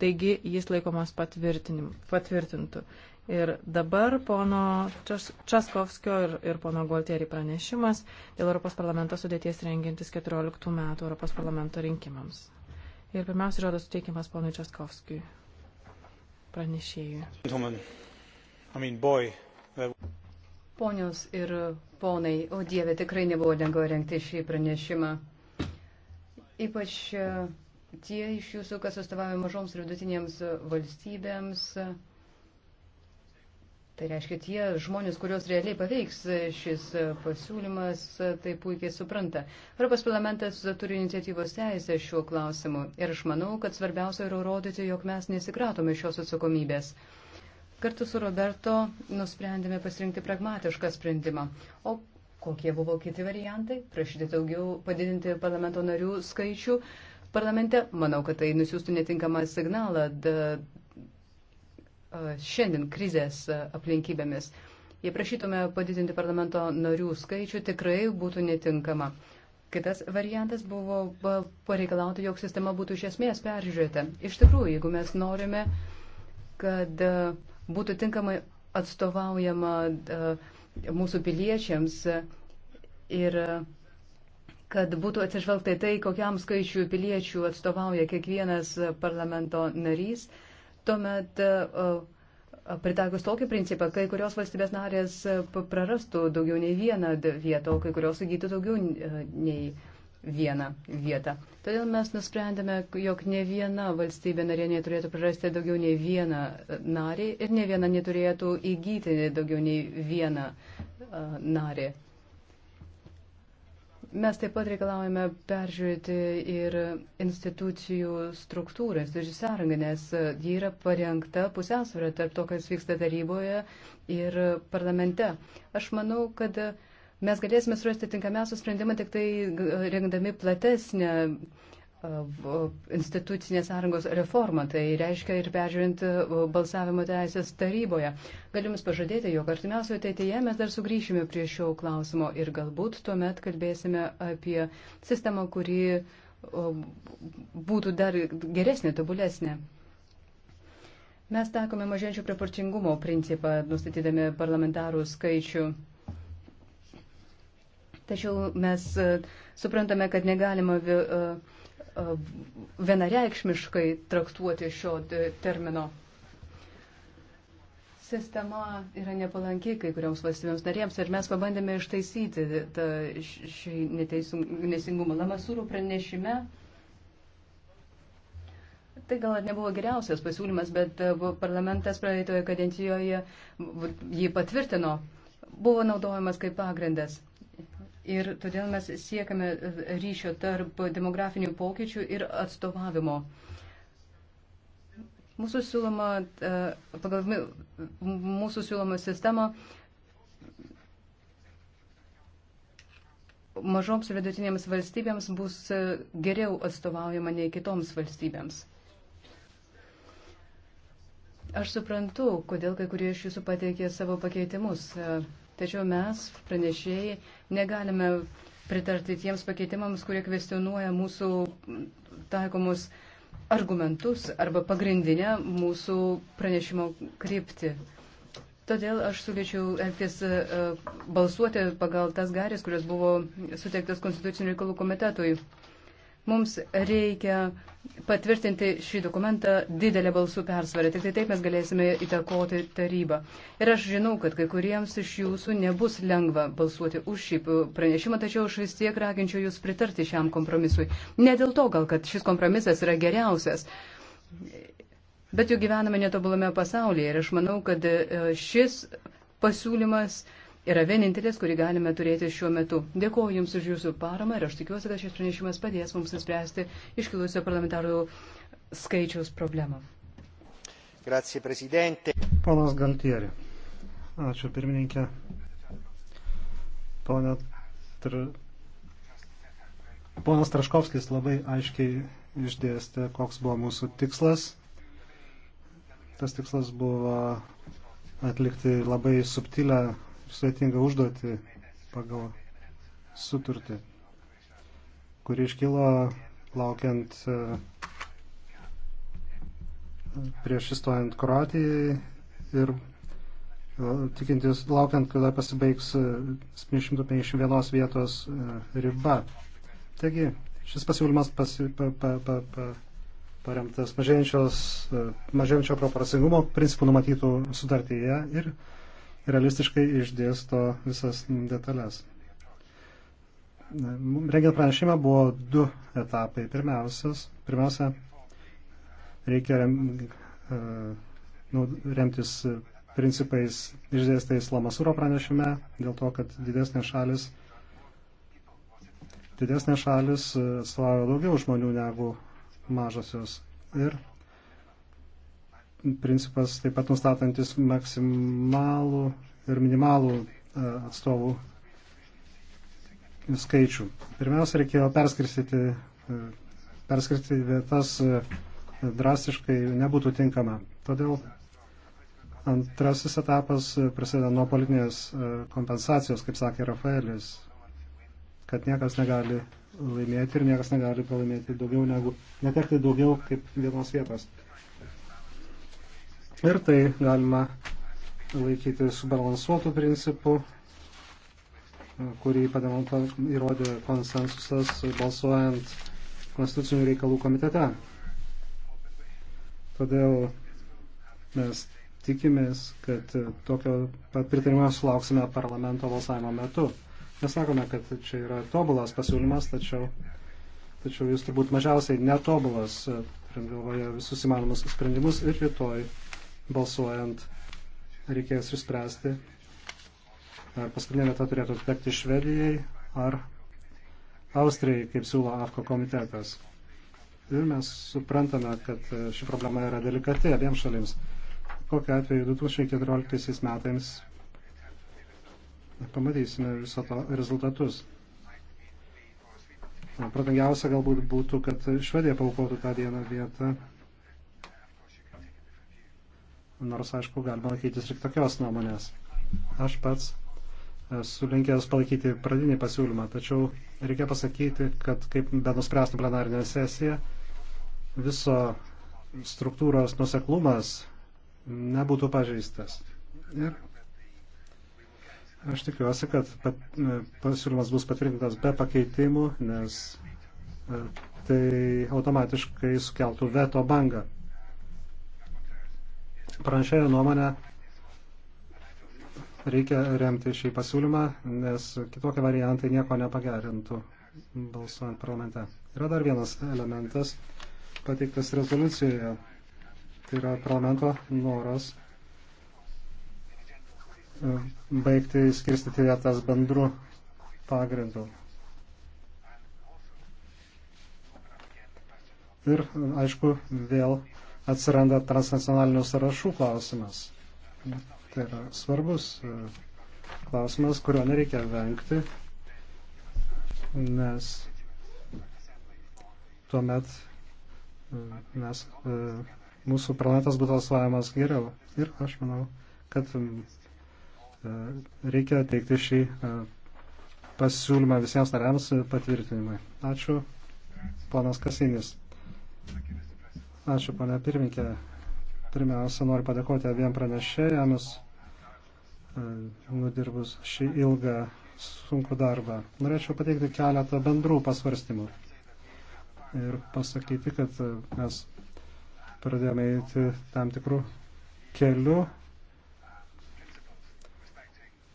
taigi jis laikomas patvirtintų. Ir dabar pono Čas, Časkovskio ir, ir pono Gualtieri pranešimas dėl Europos parlamento sudėties rengintis 14 metų Europos parlamento rinkimams. Ir pirmiausia, žodas suteikimas ponui Časkovskijui, pranešėjui. I mean, boy, that... Uh, Ponios ir ponai, o Dieve, tikrai nebuvo lengva rengti šį pranešimą. Ypač uh, tie iš jūsų, kas atstovauja mažoms ir vidutinėms valstybėms, tai reiškia tie žmonės, kurios realiai paveiks šis pasiūlymas, tai puikiai supranta. Europos parlamentas turi iniciatyvos teisę šiuo klausimu ir aš manau, kad svarbiausia yra rodyti, jog mes nesikratome šios atsakomybės. Kartu su Roberto nusprendėme pasirinkti pragmatišką sprendimą. O kokie buvo kiti variantai? Prašyti daugiau padidinti parlamento narių skaičių, uh, parlamente, manau, kad tai nusiųstų netinkamą signalą šiandien krizės aplinkybėmis. Jei prašytume padidinti parlamento narių skaičių, tikrai būtų netinkama. Kitas variantas buvo pareikalauti, jog sistema būtų iš esmės peržiūrėta. Iš tikrųjų, jeigu mes norime, kad būtų tinkamai atstovaujama mūsų piliečiams ir kad būtų atsižvelgta tai, kokiam skaičiu piliečių atstovauja kiekvienas parlamento narys, tuomet e, e, pritaikus tokį principą, kai kurios valstybės narės e, prarastų daugiau nei vieną vietą, o kai kurios įgytų daugiau nei vieną vietą. Todėl mes nusprendėme, jog ne viena valstybė narė neturėtų prarasti daugiau nei vieną narį ir ne viena neturėtų įgyti daugiau nei vieną narį. Mes taip pat reikalavome peržiūrėti ir institucijų struktūrą, institucijų sąrangą, nes ji yra parengta pusiausvėra tarp to, kas vyksta taryboje ir parlamente. Aš manau, kad mes galėsime surasti tinkamiausią sprendimą tik tai rengdami platesnę institucinės sąrangos reformą, tai reiškia ir peržiūrint balsavimo teisės taryboje. Galiu Jums pažadėti, jog artimiausioje ateityje mes dar sugrįšime prie šio klausimo ir galbūt tuomet kalbėsime apie sistemą, kuri būtų dar geresnė, tobulesnė. Mes takome mažėjančio proporcingumo principą, nustatydami parlamentarų skaičių. Tačiau mes suprantame, kad negalima E, vienareikšmiškai traktuoti šio e, termino. Sistema yra nepalanki kai kurioms valstybėms narėms ir mes pabandėme ištaisyti tą, šį neteisingumą. Lamasūrų pranešime Tai gal nebuvo geriausias pasiūlymas, bet e, parlamentas praeitoje kadencijoje jį patvirtino. Buvo naudojamas kaip pagrindas. Ir todėl mes siekame ryšio tarp demografinių pokyčių ir atstovavimo. Mūsų siūloma, e, pagal mūsų siūloma sistema mažoms ir vidutinėms valstybėms bus e, geriau atstovaujama nei kitoms valstybėms. Aš suprantu, kodėl kai kurie iš jūsų pateikė savo pakeitimus. E, Tačiau mes, pranešėjai, negalime pritarti tiems pakeitimams, kurie kvestionuoja mūsų taikomus argumentus arba pagrindinę mūsų pranešimo kryptį. Todėl aš siūlyčiau elgtis e, balsuoti pagal tas garis, kurios buvo suteiktas Konstitucinio reikalų komitetui. Mums reikia patvirtinti šį dokumentą didelę balsų persvarą. Tik tai taip mes galėsime įtakoti tarybą. Ir aš žinau, kad kai kuriems iš jūsų nebus lengva balsuoti už šį pranešimą, tačiau aš vis tiek raginčiau jūs pritarti šiam kompromisui. Ne dėl to gal, kad šis kompromisas yra geriausias. Bet jau gyvename netobulame pasaulyje ir aš manau, kad e, šis pasiūlymas uh, yra vienintelis, kurį galime turėti šiuo metu. Dėkuoju Jums už Jūsų paramą ir aš tikiuosi, kad šis pranešimas padės mums spręsti iškilusio parlamentarų skaičiaus problemą. Grazie, prezidente. Ponas Galtieri. Ačiū, pirmininkė. Pone Tr... Ponas Traškovskis labai aiškiai išdėstė, koks buvo mūsų tikslas. Tas tikslas buvo atlikti labai subtilę sudėtingą užduotį pagal suturtį, kuri iškilo laukiant e, prieš įstojant Kroatijai ir e, tikintis, laukiant, kada pasibaigs 751 e, vietos riba. Taigi, šis pasiūlymas pasi, pa, pa, pa, pa, paremtas mažėjančio proporcingumo principų numatytų sutartyje ir realistiškai išdėsto visas detalės. Rengiant pranešimą buvo du etapai. Pirmiausias, pirmiausia, reikia rem, e, nu, remtis principais išdėstais Lamasūro pranešime, dėl to, kad didesnės šalis, didesnės šalis atstovauja e, daugiau žmonių negu mažosios. Ir principas taip pat nustatantis maksimalų ir minimalų e, atstovų skaičių. Pirmiausia, reikėjo perskirstyti, e, perskirstyti vietas e, drastiškai nebūtų tinkama. Todėl antrasis etapas prasideda nuo politinės kompensacijos, kaip sakė Rafaelis, kad niekas negali laimėti ir niekas negali pralaimėti daugiau negu, netekti daugiau kaip vienos vietos. Ir tai galima laikyti subalansuotų principų, kurį įrodė konsensusas balsuojant konstitucinių reikalų komitete. Todėl mes tikimės, kad tokio pat pritarimo sulauksime parlamento balsavimo metu. Nesakome, kad čia yra tobulas pasiūlymas, tačiau, tačiau jis turbūt mažiausiai netobulas, turint galvoje visus įmanomus sprendimus ir rytoj balsuojant reikės išspręsti, ar paskutinė vieta turėtų tekti Švedijai ar Austrijai, kaip siūlo AFKO komitetas. Ir mes suprantame, kad ši problema yra delikati abiems šalims. Kokiu atveju 2014 metais pamatysime viso to rezultatus. Pratingiausia galbūt būtų, kad Švedija paukotų tą dieną vietą nors, aišku, galima laikytis ir tokios nuomonės. Aš pats esu linkęs palaikyti pradinį pasiūlymą, tačiau reikia pasakyti, kad kaip be nuspręstų plenarinė sesija, viso struktūros nuseklumas nebūtų pažeistas. Ir aš tikiuosi, kad pat, e, pasiūlymas bus patvirtintas be pakeitimų, nes e, tai automatiškai sukeltų veto bangą. Pranešėjo nuomonė reikia remti šį pasiūlymą, nes kitokie variantai nieko nepagerintų balsuojant parlamente. Yra dar vienas elementas pateiktas rezoliucijoje. Tai yra parlamento noras e, baigti skirstyti vietas bendru pagrindu. Ir, e, aišku, vėl atsiranda transnacionalinių sąrašų klausimas. Tai yra svarbus e, klausimas, kurio nereikia vengti, nes tuomet mes, e, e, mūsų planetas būtų atsvajamas geriau. Ir aš manau, kad reikia teikti šį pasiūlymą visiems nariams patvirtinimui. Ačiū, ponas Kasinis. Ačiū, pane pirmininkė. Pirmiausia, noriu padėkoti abiem pranešėjams, e, nudirbus šį ilgą sunkų darbą. Norėčiau pateikti keletą bendrų pasvarstymų ir pasakyti, kad e, mes pradėjome eiti tam tikrų kelių,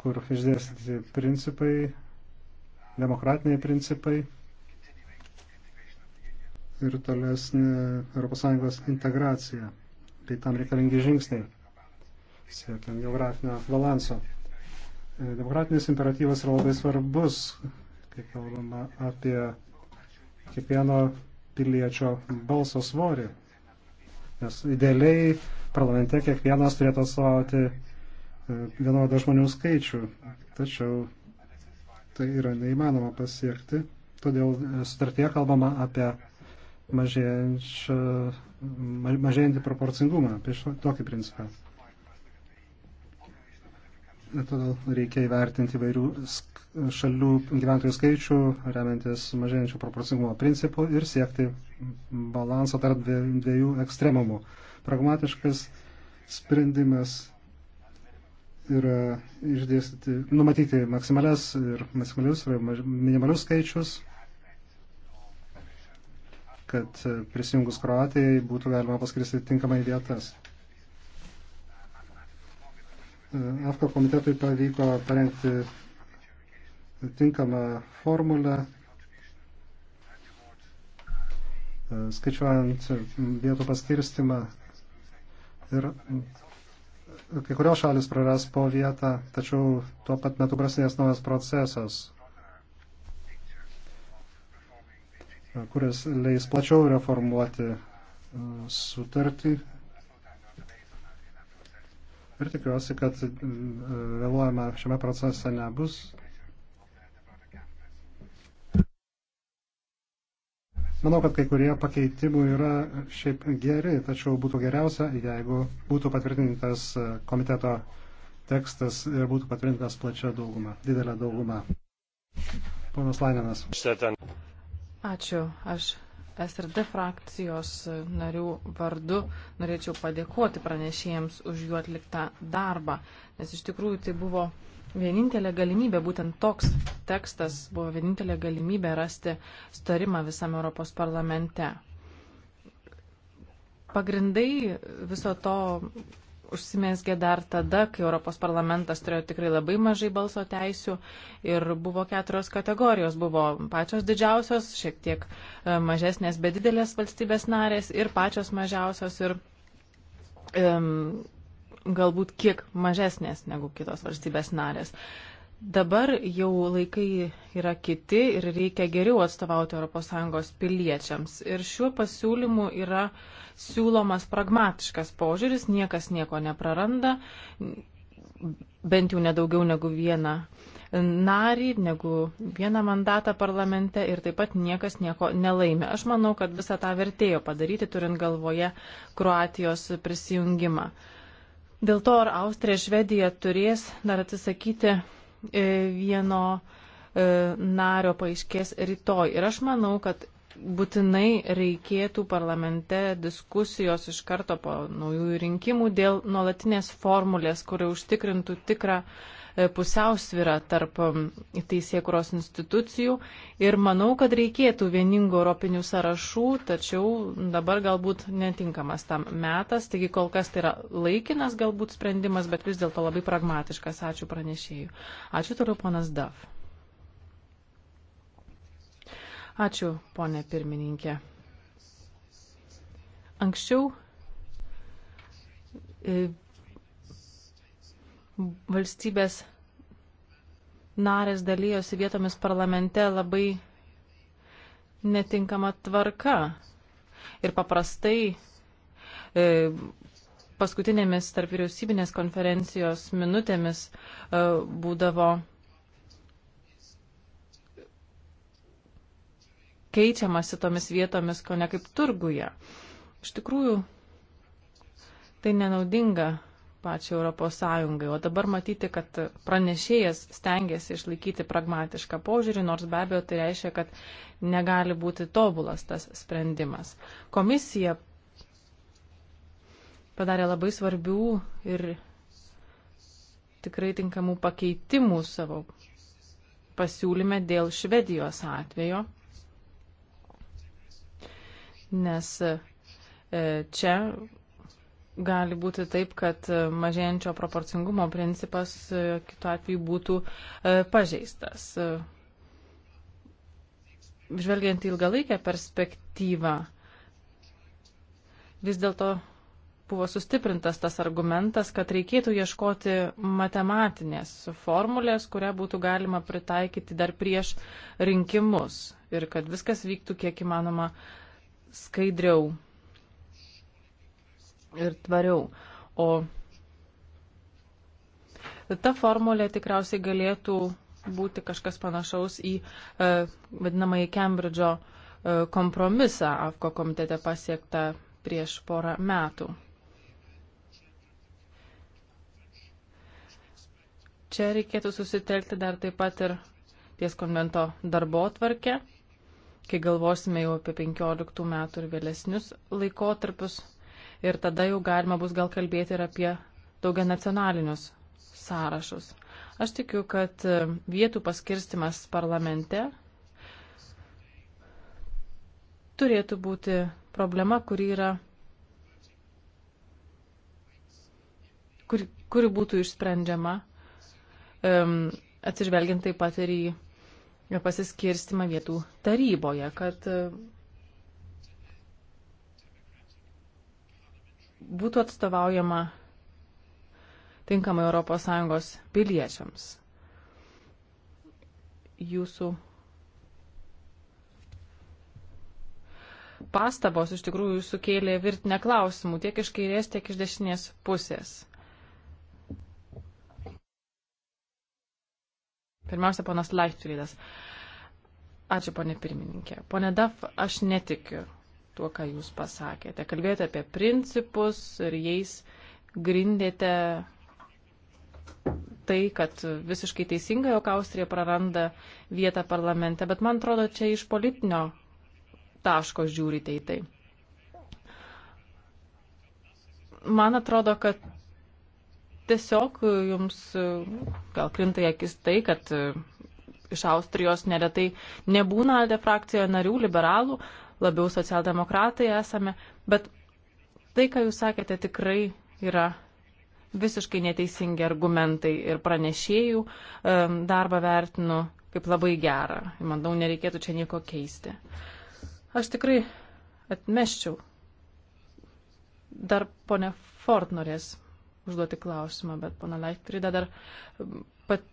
kur išdėstyti principai, demokratiniai principai ir tolesnė ES integracija, tai tam reikalingi žingsniai, siekiant geografinio balanso. E, demokratinis imperatyvas yra labai svarbus, kai kalbama apie kiekvieno piliečio balso svorį, nes idealiai parlamente kiekvienas turėtų atstovauti e, vienodą žmonių skaičių, tačiau tai yra neįmanoma pasiekti. Todėl sutartie kalbama apie mažėjantį proporcingumą, prieš tokį principą. Todėl reikia įvertinti vairių šalių gyventojų skaičių, remiantis mažėjančio proporcingumo principu ir siekti balanso tarp dviejų ekstremumų. Pragmatiškas sprendimas yra išdėstyti, numatyti maksimalias ir maksimalius ir minimalius skaičius kad e, prisijungus Kroatijai būtų galima paskristi tinkamai vietas. E, AFKO komitetui pavyko parengti tinkamą formulę, e, skaičiuojant vietų paskirstimą. Ir kai kurios šalis praras po vietą, tačiau tuo pat metu prasidės naujas procesas, kuris leis plačiau reformuoti e, sutartį. Ir tikiuosi, kad e, vėluojama šiame procese nebus. Manau, kad kai kurie pakeitimų yra šiaip geri, tačiau būtų geriausia, jeigu būtų patvirtintas e, komiteto tekstas ir būtų patvirtintas plačia dauguma, didelė dauguma. Ponas Lainenas. Ačiū. Aš SRD frakcijos narių vardu norėčiau padėkoti pranešėjams už jų atliktą darbą, nes iš tikrųjų tai buvo vienintelė galimybė, būtent toks tekstas buvo vienintelė galimybė rasti starimą visam Europos parlamente. Pagrindai viso to užsimėsgė dar tada, kai Europos parlamentas turėjo tikrai labai mažai balso teisių ir buvo keturios kategorijos. Buvo pačios didžiausios, šiek tiek e, mažesnės, bet didelės valstybės narės ir pačios mažiausios ir um, galbūt kiek mažesnės negu kitos valstybės narės. Uh, Dabar jau laikai yra kiti ir reikia geriau atstovauti ES piliečiams. Ir šiuo pasiūlymu yra siūlomas pragmatiškas požiūris, niekas nieko nepraranda, bent jau nedaugiau negu vieną narį, negu vieną mandatą parlamente ir taip pat niekas nieko nelaimė. Aš manau, kad visą tą vertėjo padaryti, turint galvoje Kroatijos prisijungimą. Dėl to ar Austrija, Švedija turės dar atsisakyti E, vieno e, nario paaiškės rytoj. Ir aš manau, kad būtinai reikėtų parlamente diskusijos iš karto po naujųjų rinkimų dėl nuolatinės formulės, kuri užtikrintų tikrą uh, E, pusiausvyrą tarp teisėkuros institucijų ir manau, kad reikėtų vieningų europinių sąrašų, tačiau dabar galbūt netinkamas tam metas, taigi kol kas tai yra laikinas galbūt sprendimas, bet vis dėlto labai pragmatiškas. Ačiū pranešėjų. Ačiū toliau, ponas Daf. Ačiū, ponė pirmininkė. Anksčiau e, valstybės narės dalyjosi vietomis parlamente labai netinkama tvarka. Ir paprastai e, paskutinėmis tarp vyriausybinės konferencijos minutėmis e, būdavo keičiamasi tomis vietomis, ko ne kaip turguje. Iš tikrųjų, tai nenaudinga pačiai Europos Sąjungai. O dabar matyti, kad pranešėjas stengiasi išlaikyti pragmatišką požiūrį, nors be abejo tai reiškia, kad negali būti tobulas tas sprendimas. Komisija padarė labai svarbių ir tikrai tinkamų pakeitimų savo pasiūlyme dėl Švedijos atvejo, nes e, čia gali būti taip, kad e, mažėjančio proporcingumo principas e, kitu atveju būtų e, pažeistas. Žvelgiant į ilgalaikę perspektyvą, vis dėlto buvo sustiprintas tas argumentas, kad reikėtų ieškoti matematinės formulės, kurią būtų galima pritaikyti dar prieš rinkimus ir kad viskas vyktų kiek įmanoma skaidriau ir tvariau. O ta formulė tikriausiai galėtų būti kažkas panašaus į e, vadinamąjį Kembridžo e, kompromisą AFKO komitete pasiektą prieš porą metų. Čia reikėtų susitelkti dar taip pat ir ties konvento darbo tvarkę, kai galvosime jau apie 15 metų ir vėlesnius laikotarpius ir tada jau galima bus gal kalbėti ir apie daugia nacionalinius sąrašus. Aš tikiu, kad e, vietų paskirstimas parlamente turėtų būti problema, kuri yra, kuri, kuri būtų išsprendžiama, um, atsižvelgiant taip pat ir į pasiskirstimą vietų taryboje, kad uh, būtų atstovaujama tinkamai ES piliečiams. Jūsų pastabos iš tikrųjų sukėlė virtinę klausimų tiek iš kairės, tiek iš dešinės pusės. Pirmiausia, ponas Laichtfriedas. Ačiū, ponė pirmininkė. Pone Daf, aš netikiu tuo, ką jūs pasakėte. Kalbėjote apie principus ir jais grindėte tai, kad visiškai teisingai, jog Austrija praranda vietą parlamente, bet man atrodo, čia iš politinio taško žiūrite į tai. Man atrodo, kad tiesiog jums e, gal krinta į akis tai, kad e, iš Austrijos neretai nebūna ALDE frakcijoje narių, liberalų, labiau socialdemokratai esame, bet tai, ką jūs sakėte, tikrai yra visiškai neteisingi argumentai ir pranešėjų darbą vertinu kaip labai gerą. Manau, nereikėtų čia nieko keisti. Aš tikrai atmeščiau. Dar ponė Ford norės užduoti klausimą, bet pana Leichtrida dar pat,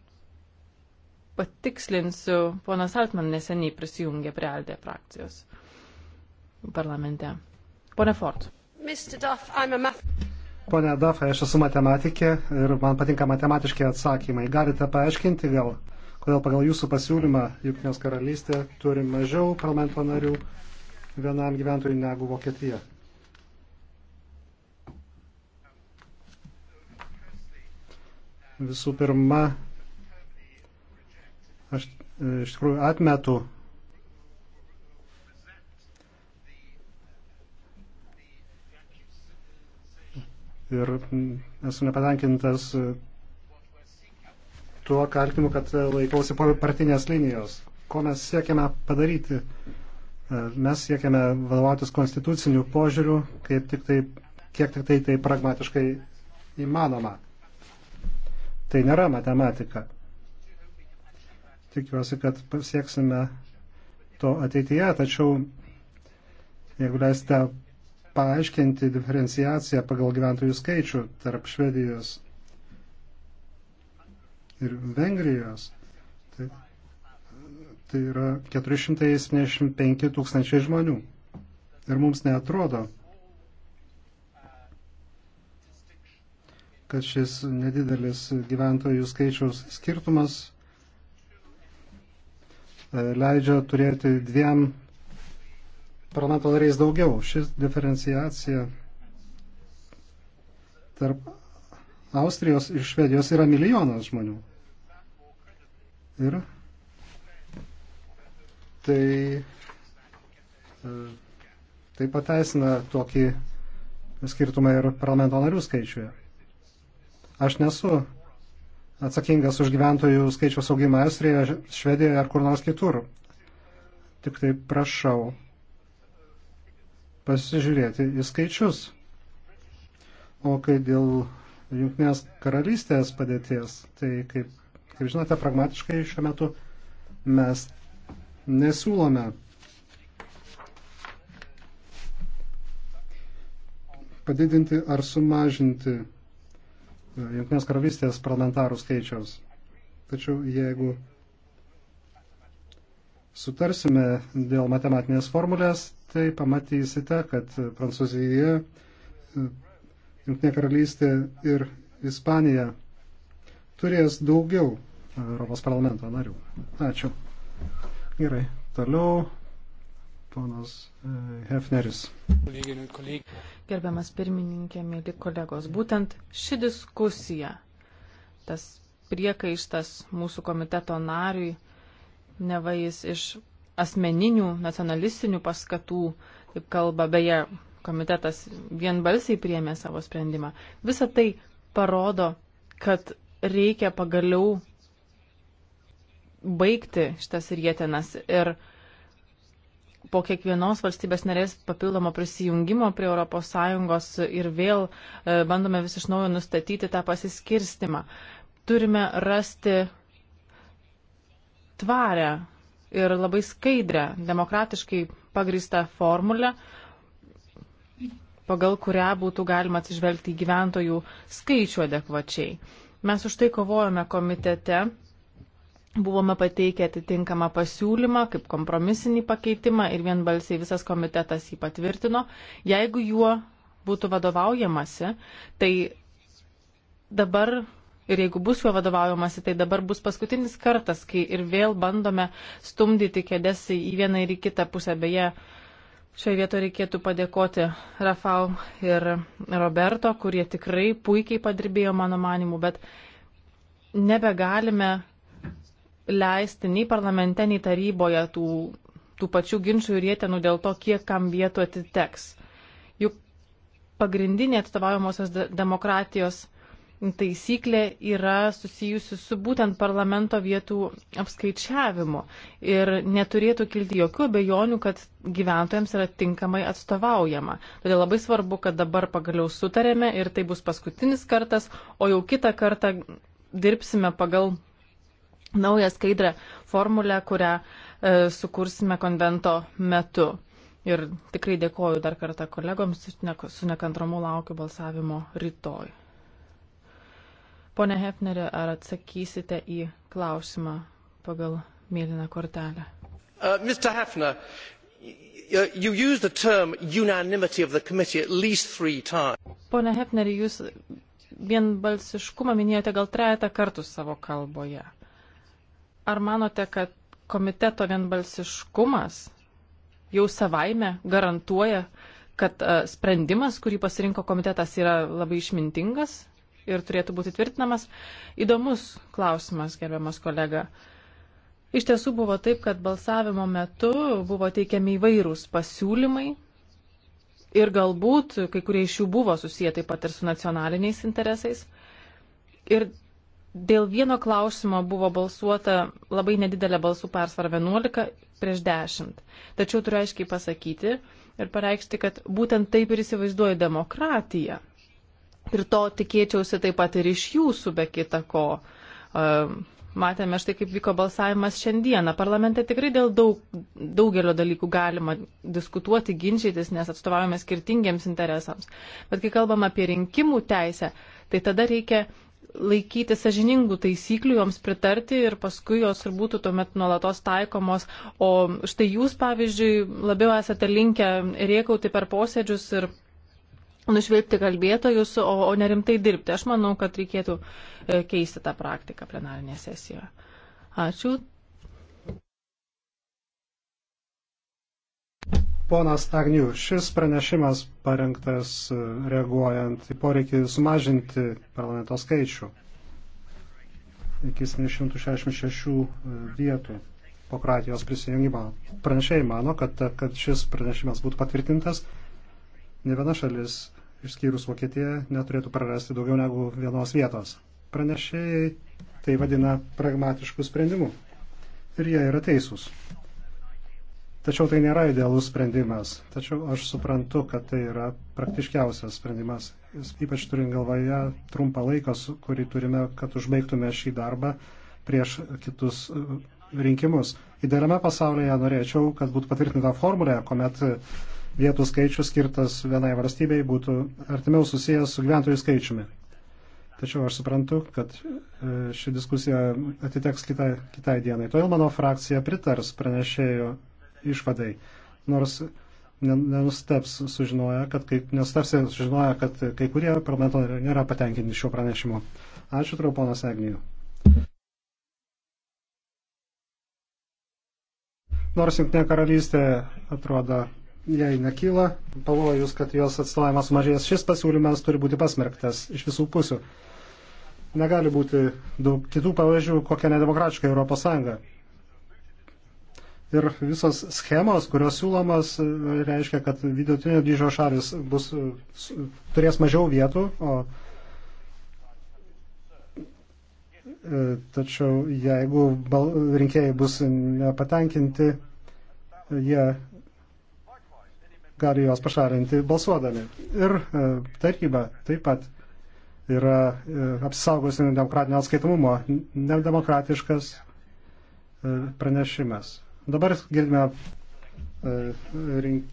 patikslinsiu, ponas Altman neseniai prisijungė prie Aldė frakcijos. Uh, parlamente. Pone Ford. Pone Dafai, aš esu matematikė ir man patinka matematiški atsakymai. Galite paaiškinti gal, kodėl pagal jūsų pasiūlymą Junktinės karalystė turi mažiau parlamento narių vienam gyventojui negu Vokietija? Visų pirma, aš e, iš tikrųjų atmetu ir esu nepatenkintas tuo kaltinimu, kad laikausi partinės linijos. Ko mes siekiame padaryti? E, mes siekiame vadovautis konstitucinių požiūrių, kaip tik tai, kiek tik tai, tai pragmatiškai įmanoma. Tai nėra matematika. Tikiuosi, kad pasieksime to ateityje, tačiau jeigu leisite paaiškinti diferenciaciją pagal gyventojų skaičių tarp Švedijos ir Vengrijos. Tai, tai yra 475 tūkstančiai žmonių. Ir mums neatrodo, kad šis nedidelis gyventojų skaičiaus skirtumas e, leidžia turėti dviem parlamento nariais daugiau. Šis diferenciacija tarp Austrijos ir Švedijos yra milijonas žmonių. Ir tai, e, tai pateisina tokį skirtumą ir parlamento narių skaičiuje. Aš nesu atsakingas už gyventojų skaičiaus augimą Austrijoje, Švedijoje ar kur nors kitur. Tik tai prašau pasižiūrėti į skaičius. O kai dėl Junktinės karalystės padėties, tai kaip, kaip žinote, pragmatiškai šiuo metu mes nesiūlome padidinti ar sumažinti e, Junktinės karalystės parlamentarų skaičiaus. Tačiau jeigu sutarsime dėl matematinės formulės, tai pamatysite, kad Prancūzija, Junktinė karalystė ir Ispanija turės daugiau Europos parlamento narių. Ačiū. Gerai. Toliau ponas e, Hefneris. Gerbiamas pirmininkė, mėly kolegos, būtent ši diskusija, tas priekaištas mūsų komiteto nariui neva jis iš asmeninių nacionalistinių paskatų, kaip kalba, beje, komitetas vienbalsiai priėmė savo sprendimą. Visa tai parodo, kad reikia pagaliau baigti šitas rietenas ir po kiekvienos valstybės narės papildomo prisijungimo prie ES ir vėl e, bandome vis iš naujo nustatyti tą pasiskirstimą. Turime rasti tvarę ir labai skaidrę, demokratiškai pagristą formulę, pagal kurią būtų galima atsižvelgti į gyventojų skaičių adekvačiai. Mes už tai kovojame komitete, buvome pateikę atitinkamą pasiūlymą kaip kompromisinį pakeitimą ir vienbalsiai visas komitetas jį patvirtino. Jeigu juo būtų vadovaujamasi, tai dabar ir jeigu bus juo vadovaujamasi, tai dabar bus paskutinis kartas, kai ir vėl bandome stumdyti kėdės į vieną ir į kitą pusę. Beje, šioje vietoje reikėtų padėkoti Rafau ir Roberto, kurie tikrai puikiai padirbėjo mano manimu, bet nebegalime leisti nei parlamente, nei taryboje tų, tų pačių ginčių ir jėtenų dėl to, kiek kam vietų atiteks. Juk pagrindinė atstovaujamosios demokratijos taisyklė yra susijusi su būtent parlamento vietų apskaičiavimu ir neturėtų kilti jokių bejonių, kad gyventojams yra tinkamai atstovaujama. Todėl labai svarbu, kad dabar pagaliau sutarėme ir tai bus paskutinis kartas, o jau kitą kartą dirbsime pagal naują skaidrę formulę, kurią e, sukursime konvento metu. Ir tikrai dėkoju dar kartą kolegoms, su nekantrumu laukiu balsavimo rytoj. Pone Hefneri, ar atsakysite į klausimą pagal mėlyną kortelę? Uh, Mr. Hefner, you used the term unanimity of the committee at least three times. Pone Hefneri, jūs vienbalsiškumą minėjote gal trejata kartų savo kalboje. Ar manote, kad komiteto vienbalsiškumas jau savaime garantuoja, kad uh, sprendimas, kurį pasirinko komitetas, yra labai išmintingas ir turėtų būti tvirtinamas. Įdomus klausimas, gerbiamas kolega. Iš tiesų buvo taip, kad balsavimo metu buvo teikiami įvairūs pasiūlymai ir galbūt kai kurie iš jų buvo susiję taip pat ir su nacionaliniais interesais. Ir dėl vieno klausimo buvo balsuota labai nedidelė balsų persvara 11 prieš 10. Tačiau turiu aiškiai pasakyti ir pareikšti, kad būtent taip ir įsivaizduoju demokratiją. Ir to tikėčiausi taip pat ir iš jūsų be kita ko. Matėme štai kaip vyko balsavimas šiandieną. Parlamente tikrai dėl daug, daugelio dalykų galima diskutuoti, ginčytis, nes atstovaujame skirtingiems interesams. Bet kai kalbam apie rinkimų teisę, tai tada reikia laikyti sažiningų taisyklių, joms pritarti ir paskui jos ir būtų tuomet nuolatos taikomos. O štai jūs, pavyzdžiui, labiau esate linkę rėkauti per posėdžius ir nušvilpti kalbėtojus, o, o nerimtai dirbti. Aš manau, kad reikėtų e, keisti tą praktiką plenarinėje sesijoje. Ačiū. Ponas Agnių, šis pranešimas parengtas e, reaguojant į poreikį sumažinti parlamento skaičių iki 766 e, vietų po Kroatijos prisijungimo. Pranešėjai mano, kad, kad šis pranešimas būtų patvirtintas. Ne viena šalis išskyrus Vokietiją, neturėtų prarasti daugiau negu vienos vietos. Pranešėjai tai vadina pragmatiškų sprendimų. Ir jie yra teisūs. Tačiau tai nėra idealus sprendimas. Tačiau aš suprantu, kad tai yra praktiškiausias sprendimas. Ypač turint galvoje trumpą laiką, kurį turime, kad užbaigtume šį darbą prieš kitus uh, rinkimus. Idealiame pasaulyje norėčiau, kad būtų patvirtinta formulė, kuomet vietų skaičius skirtas vienai valstybei būtų artimiau susijęs su gyventojų skaičiumi. Tačiau aš suprantu, kad e, ši diskusija atiteks kitai, kitai dienai. Todėl mano frakcija pritars pranešėjo išvadai. Nors nenusteps sužinoja, kad kai, nenusteps sužinoja, kad kai kurie parlamento nėra patenkinti šio pranešimo. Ačiū turiu, ponas Egnijų. Nors Junktinė karalystė atrodo jei nekyla pavojus, kad jos atstovavimas mažės, šis pasiūlymas turi būti pasmerktas iš visų pusių. Negali būti daug kitų pavyzdžių, kokia nedemokratiška Europos Sąjunga. Ir visos schemos, kurios siūlomas, reiškia, kad vidutinio dydžio šalis bus, turės mažiau vietų, o, e, tačiau jeigu rinkėjai bus nepatenkinti, jie gali juos pašalinti balsuodami. Ir e, taryba taip pat yra e, apsisaugusi nuo demokratinio atskaitomumo, nedemokratiškas e, pranešimas. Dabar girdime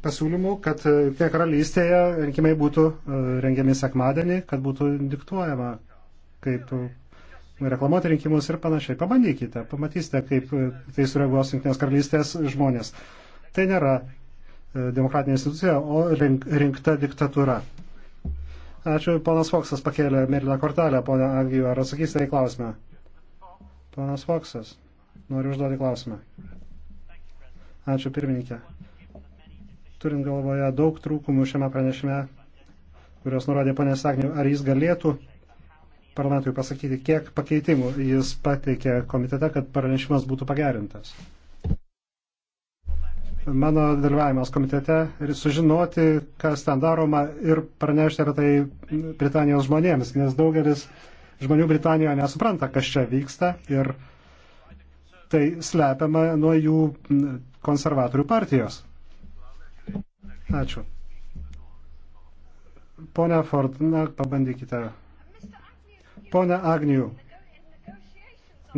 pasiūlymų, kad tie karalystėje rinkimai būtų rengiami sekmadienį, kad būtų diktuojama, kaip reklamuoti rinkimus ir panašiai. Pabandykite, pamatysite, kaip tai sureaguos Junktinės karalystės žmonės. Tai nėra E, demokratinė institucija, o rink, rinkta diktatūra. Ačiū, ponas Foksas pakėlė mėlyną kortelę, ponia Angijų, ar atsakysite į klausimą? Ponas Foksas, noriu užduoti klausimą. Ačiū, pirmininkė. Turint galvoje daug trūkumų šiame pranešime, kurios nurodė ponė Sagnių, ar jis galėtų parlamentui pasakyti, kiek pakeitimų jis pateikė komitete, kad pranešimas būtų pagerintas mano dalyvavimas komitete ir sužinoti, kas ten daroma ir pranešti apie tai Britanijos žmonėms, nes daugelis žmonių Britanijoje nesupranta, kas čia vyksta ir tai slepiama nuo jų konservatorių partijos. Ačiū. Pone Ford, na, pabandykite. Pone Agnijų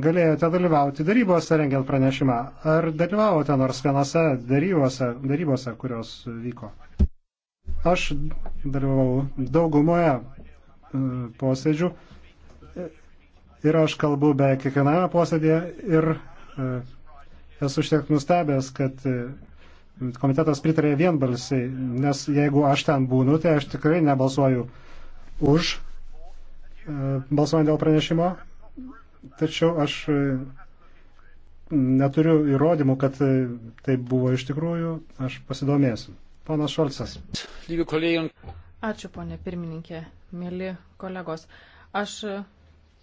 galėjote dalyvauti darybose rengiant pranešimą. Ar dalyvavote nors vienose darybose, darybose kurios vyko? Aš dalyvau daugumoje e, posėdžių ir aš kalbu beveik kiekviename posėdėje ir e, esu šiek nustebęs, kad e, komitetas pritarė vienbalsiai, nes jeigu aš ten būnu, tai aš tikrai nebalsuoju už balsuojant dėl pranešimo Tačiau aš e, neturiu įrodymų, kad e, tai buvo iš tikrųjų. Aš pasidomėsiu. Ponas Šolcas. Ačiū, ponė pirmininkė, mėly kolegos. Aš e,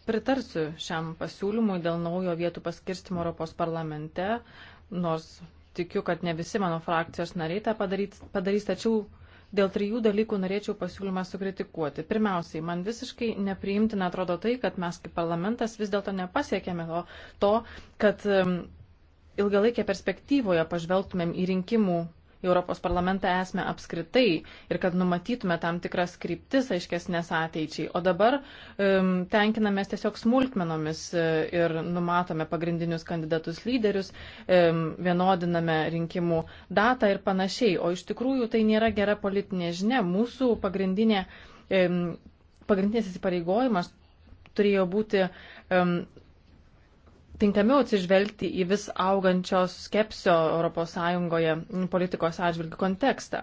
pritarsiu šiam pasiūlymui dėl naujo vietų paskirstimo Europos parlamente, nors tikiu, kad ne visi mano frakcijos nariai tą padarys, padarys tačiau Dėl trijų dalykų norėčiau pasiūlymą sukritikuoti. Pirmiausiai, man visiškai nepriimtina atrodo tai, kad mes kaip parlamentas vis dėlto nepasiekėme to, to kad um, ilgalaikė perspektyvoje pažvelgtumėm į rinkimų į Europos parlamentą esame apskritai ir kad numatytume tam tikras kryptis aiškesnės ateičiai. O dabar um, tenkinamės tiesiog smulkmenomis e, ir numatome pagrindinius kandidatus lyderius, um, vienodiname rinkimų datą ir panašiai. O iš tikrųjų tai nėra gera politinė žinia. Mūsų pagrindinė, um, pagrindinės įsipareigojimas turėjo būti um, tinkamiau atsižvelgti į vis augančios skepsio ES politikos atžvilgių kontekstą.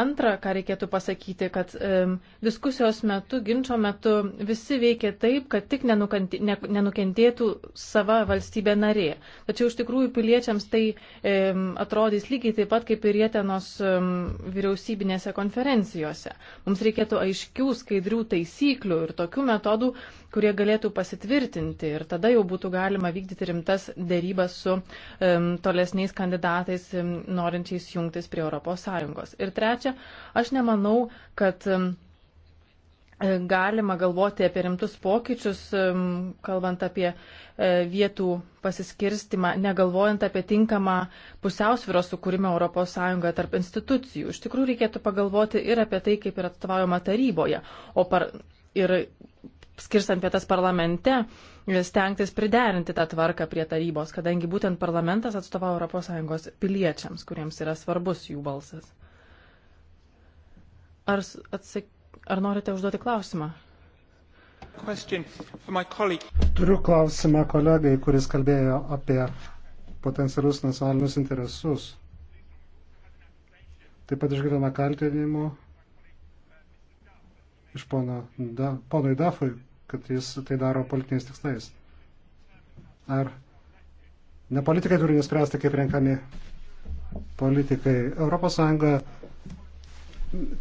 Antra, ką reikėtų pasakyti, kad e, diskusijos metu, ginčio metu visi veikia taip, kad tik nenukantė, ne, nenukentėtų sava valstybė narė. Tačiau iš tikrųjų piliečiams tai e, atrodys lygiai taip pat kaip ir rėtenos e, vyriausybinėse konferencijose. Mums reikėtų aiškių, skaidrių taisyklių ir tokių metodų, e, kurie galėtų pasitvirtinti ir tada jau būtų galima vykdyti rimtas dėrybas su um, tolesniais kandidatais, um, norinčiais jungtis prie ES. Ir trečia, aš nemanau, kad um, galima galvoti apie rimtus pokyčius, kalbant apie e, vietų pasiskirstimą, negalvojant apie tinkamą pusiausvyros sukūrimą ES tarp institucijų. Iš tikrųjų reikėtų pagalvoti ir apie tai, kaip yra atstovaujama taryboje. O par... Ir skirstant vietas parlamente, stengtis priderinti tą tvarką prie tarybos, kadangi būtent parlamentas atstovauja ES piliečiams, kuriems yra svarbus jų balsas. Ar, atsak... Ar norite užduoti klausimą? Turiu klausimą kolegai, kuris kalbėjo apie potencialius nacionalinius interesus. Taip pat išgirdome kaltinimų iš pono da, ponui Dafui, kad jis tai daro politiniais tikslais. Ar ne politikai turi nuspręsti, kaip renkami politikai. ES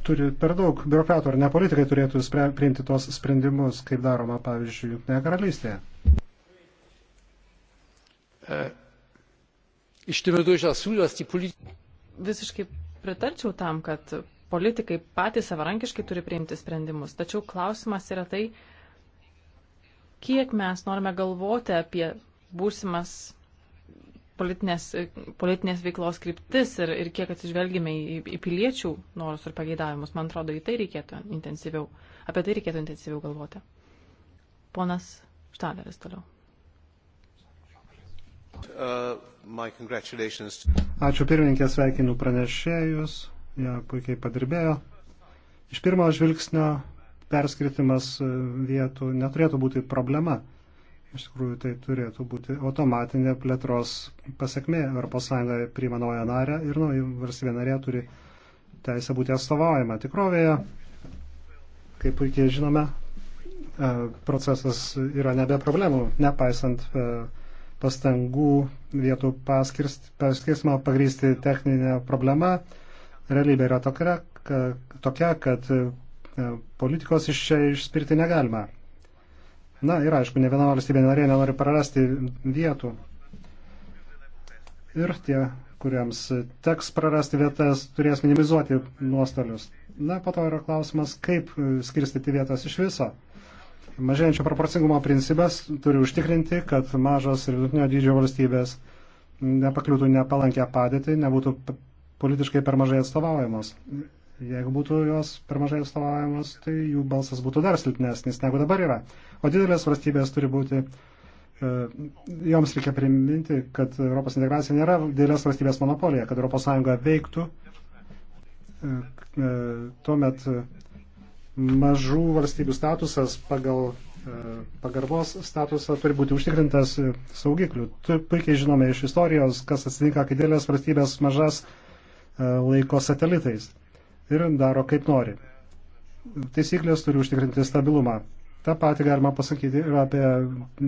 turi per daug biurokratų, ar ne politikai turėtų priimti tuos sprendimus, kaip daroma, pavyzdžiui, Junktinėje karalystėje. Uh, Visiškai pritarčiau tam, kad politikai patys savarankiškai turi priimti sprendimus. Tačiau klausimas yra tai, kiek mes norime galvoti apie būsimas politinės, politinės veiklos kryptis ir, ir kiek atsižvelgime į, į piliečių norus ir pageidavimus. Man atrodo, į tai reikėtų intensyviau, apie tai reikėtų intensyviau galvoti. Ponas Štaleris toliau. Uh, Ačiū pirmininkė, sveikinu pranešėjus, jie puikiai padirbėjo. Iš pirmo žvilgsnio perskritimas e, vietų neturėtų būti problema. Iš tikrųjų, tai turėtų būti automatinė plėtros pasiekmė. Europos Sąjunga priima naują narę ir nauja valstybė narė turi teisę būti atstovaujama. Tikrovėje, kaip puikiai žinome, e, procesas yra nebe problemų, nepaisant e, pastangų vietų paskirstimo pagrysti techninę problemą. Realybė yra tokia, kad E, politikos iš čia išspirti negalima. Na ir aišku, ne viena valstybė narė nenori prarasti vietų. Ir tie, kuriems teks prarasti vietas, turės minimizuoti nuostolius. Na, po to yra klausimas, kaip skirstyti vietas iš viso. Mažėjančio proporcingumo principas turi užtikrinti, kad mažos ir vidutinio dydžio valstybės nepakliūtų nepalankę padėtį, nebūtų politiškai per mažai atstovaujamos. Jeigu būtų jos per mažai atstovavimas, tai jų balsas būtų dar silpnesnis negu dabar yra. O didelės valstybės turi būti, e, joms reikia priminti, kad Europos integracija nėra didelės valstybės monopolija, kad ES veiktų, e, e, tuomet mažų valstybių statusas pagal pagarbos statusą turi būti užtikrintas saugiklių. Tu puikiai žinome iš istorijos, kas atsitinka, kai dėlės valstybės mažas laiko satelitais ir daro kaip nori. Taisyklės turi užtikrinti stabilumą. Ta pati galima pasakyti ir apie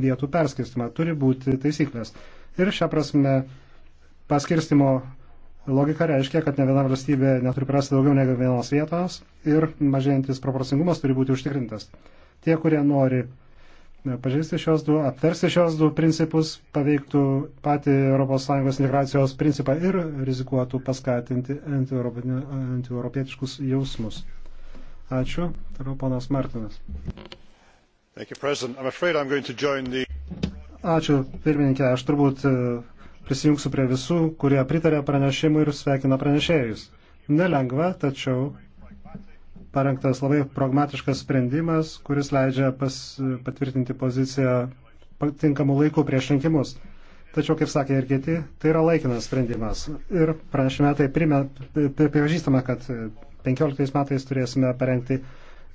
vietų perskirstimą. Turi būti taisyklės. Ir šią prasme paskirstimo logika reiškia, kad ne viena valstybė neturi prarasti daugiau negu vienos vietos ir mažėjantis proporcingumas turi būti užtikrintas. Tie, kurie nori pažeisti šios du, aptarsti šios du principus, paveiktų patį ES integracijos principą ir rizikuotų paskatinti antieuropietiškus jausmus. Ačiū. Toliau ponas Martinas. Ačiū, pirmininkė. Aš turbūt e, prisijungsiu prie visų, kurie pritarė pranešimui ir sveikina pranešėjus. Nelengva, tačiau parengtas labai pragmatiškas sprendimas, kuris leidžia pas, patvirtinti poziciją tinkamų laikų prieš rinkimus. Tačiau, kaip sakė ir kiti, tai yra laikinas sprendimas. Ir pranešime tai pripažįstame, kad 15 metais turėsime parengti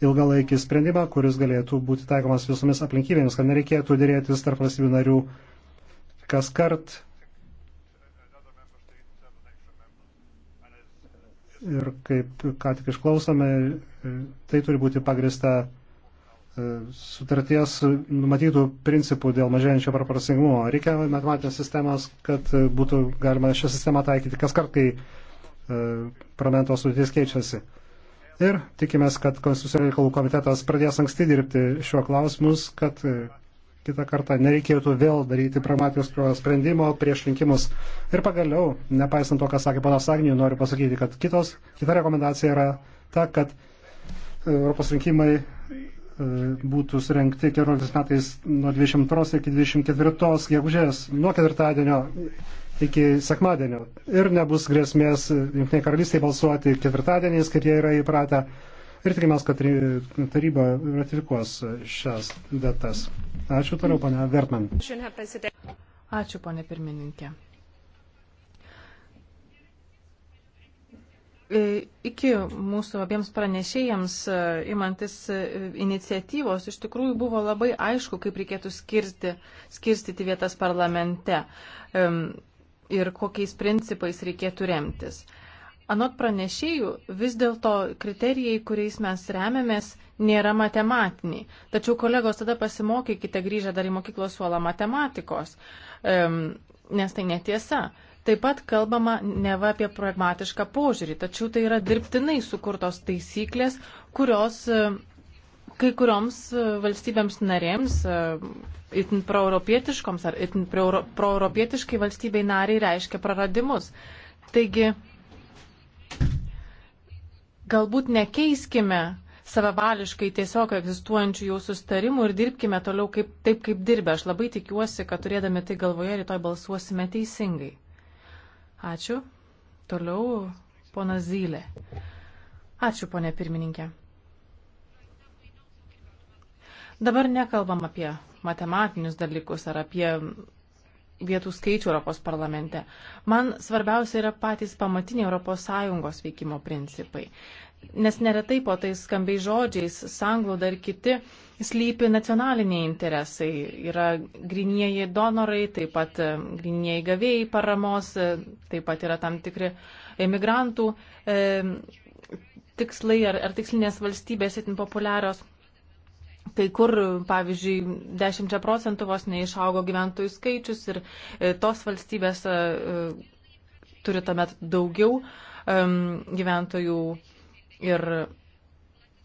ilgalaikį sprendimą, kuris galėtų būti taikomas visomis aplinkybėmis, kad nereikėtų dėrėtis tarp valstybių narių kas kart ir kaip ką tik išklausome, tai turi būti pagrista e, sutarties numatytų principų dėl mažėjančio proporcingumo. Reikia matematinės sistemas, kad būtų galima šią sistemą taikyti kas kart, kai e, parlamento sudėtis keičiasi. Ir tikimės, kad Konstitucinio reikalų komitetas pradės anksti dirbti šiuo klausimus, kad kitą kartą nereikėtų vėl daryti pragmatiško sprendimo prieš rinkimus. Ir pagaliau, nepaisant to, ką sakė panas Agnių, noriu pasakyti, kad kitos, kita rekomendacija yra ta, kad e, Europos rinkimai e, būtų surenkti 14 metais nuo 22 iki 24 gegužės, nuo ketvirtadienio iki sekmadienio. Ir nebus grėsmės Junktinė karalystė balsuoti ketvirtadieniais, kaip jie yra įpratę ir tikimės, kad taryba ratifikuos šias datas. Ačiū toliau, ponia Vertman. Ačiū, ponia pirmininkė. E, iki mūsų abiems pranešėjams e, imantis e, iniciatyvos iš tikrųjų buvo labai aišku, kaip reikėtų skirti, skirstyti vietas parlamente ir kokiais principais reikėtų remtis. Anot pranešėjų, vis dėlto kriterijai, kuriais mes remiamės, nėra matematiniai. Tačiau, kolegos, tada pasimokykite grįžę dar į mokyklos suolą matematikos, um, nes tai netiesa. Taip pat kalbama neva apie pragmatišką požiūrį, tačiau tai yra dirbtinai sukurtos taisyklės, kurios e, kai kurioms e, valstybėms narėms, e, itin proeuropietiškoms ar itin proeuropietiškai valstybei nariai reiškia praradimus. Taigi, Galbūt nekeiskime savavališkai tiesiog egzistuojančių jau sustarimų ir dirbkime toliau kaip, taip, kaip dirbę. Aš labai tikiuosi, kad turėdami tai galvoje rytoj balsuosime teisingai. Ačiū. Toliau ponas Zylė. Ačiū, ponė pirmininkė. Dabar nekalbam apie matematinius dalykus ar apie vietų skaičių Europos parlamente. Man svarbiausia yra patys pamatiniai ES veikimo principai. Nes neretai po tais skambiai žodžiais, sanglauda ir kiti, slypi nacionaliniai interesai. Yra grinieji donorai, taip pat e, grinieji gavėjai paramos, e, taip pat yra tam tikri emigrantų e, tikslai ar, ar tikslinės valstybės itin populiarios. Kai kur, pavyzdžiui, 10 procentų vos neišaugo gyventojų skaičius ir e, tos valstybės e, e, turi tuomet daugiau gyventojų ir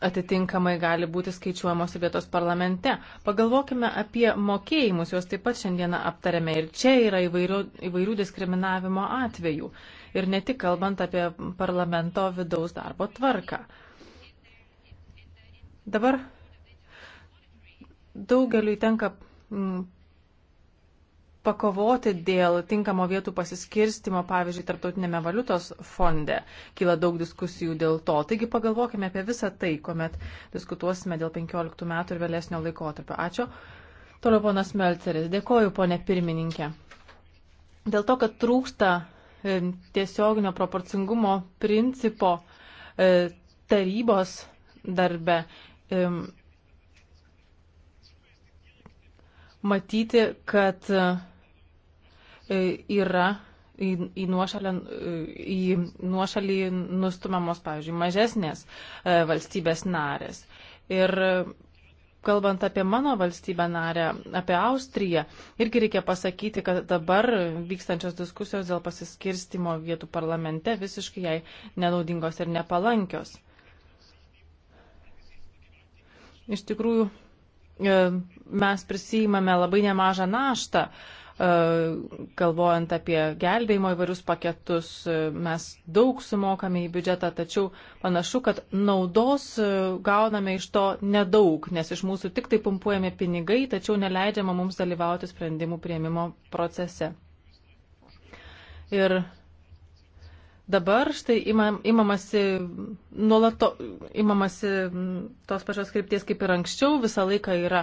atitinkamai gali būti skaičiuojamos vietos parlamente. Pagalvokime apie mokėjimus, juos taip pat šiandieną aptarėme ir čia yra įvairių, įvairių diskriminavimo atvejų. Ir ne tik kalbant apie parlamento vidaus darbo tvarką. Dabar daugeliui tenka mm, pakovoti dėl tinkamo vietų pasiskirstimo, pavyzdžiui, Tarptautinėme valiutos fonde. Kyla daug diskusijų dėl to. Taigi pagalvokime apie visą tai, kuomet diskutuosime dėl 15 metų ir vėlesnio laikotarpio. Ačiū. Toliau ponas Melceris. Dėkoju, ponė pirmininkė. Dėl to, kad trūksta e, tiesioginio proporcingumo principo e, tarybos darbe matyti, kad e, yra į, į, nuošalę, į nuošalį nustumamos, pavyzdžiui, mažesnės e, valstybės narės. Ir e, kalbant apie mano valstybę narę, apie Austriją, irgi reikia pasakyti, kad dabar vykstančios diskusijos dėl pasiskirstimo vietų parlamente visiškai jai nenaudingos ir nepalankios. Iš tikrųjų, E, mes prisijimame labai nemažą naštą, e, galvojant apie gelbėjimo įvairius paketus, e, mes daug sumokame į biudžetą, tačiau panašu, kad naudos gauname iš to nedaug, nes iš mūsų tik tai pumpuojami pinigai, tačiau neleidžiama mums dalyvauti sprendimų prieimimo procese. Ir dabar štai imam, imamasi, nuolato, imamasi tos pačios krypties kaip ir anksčiau, visą laiką yra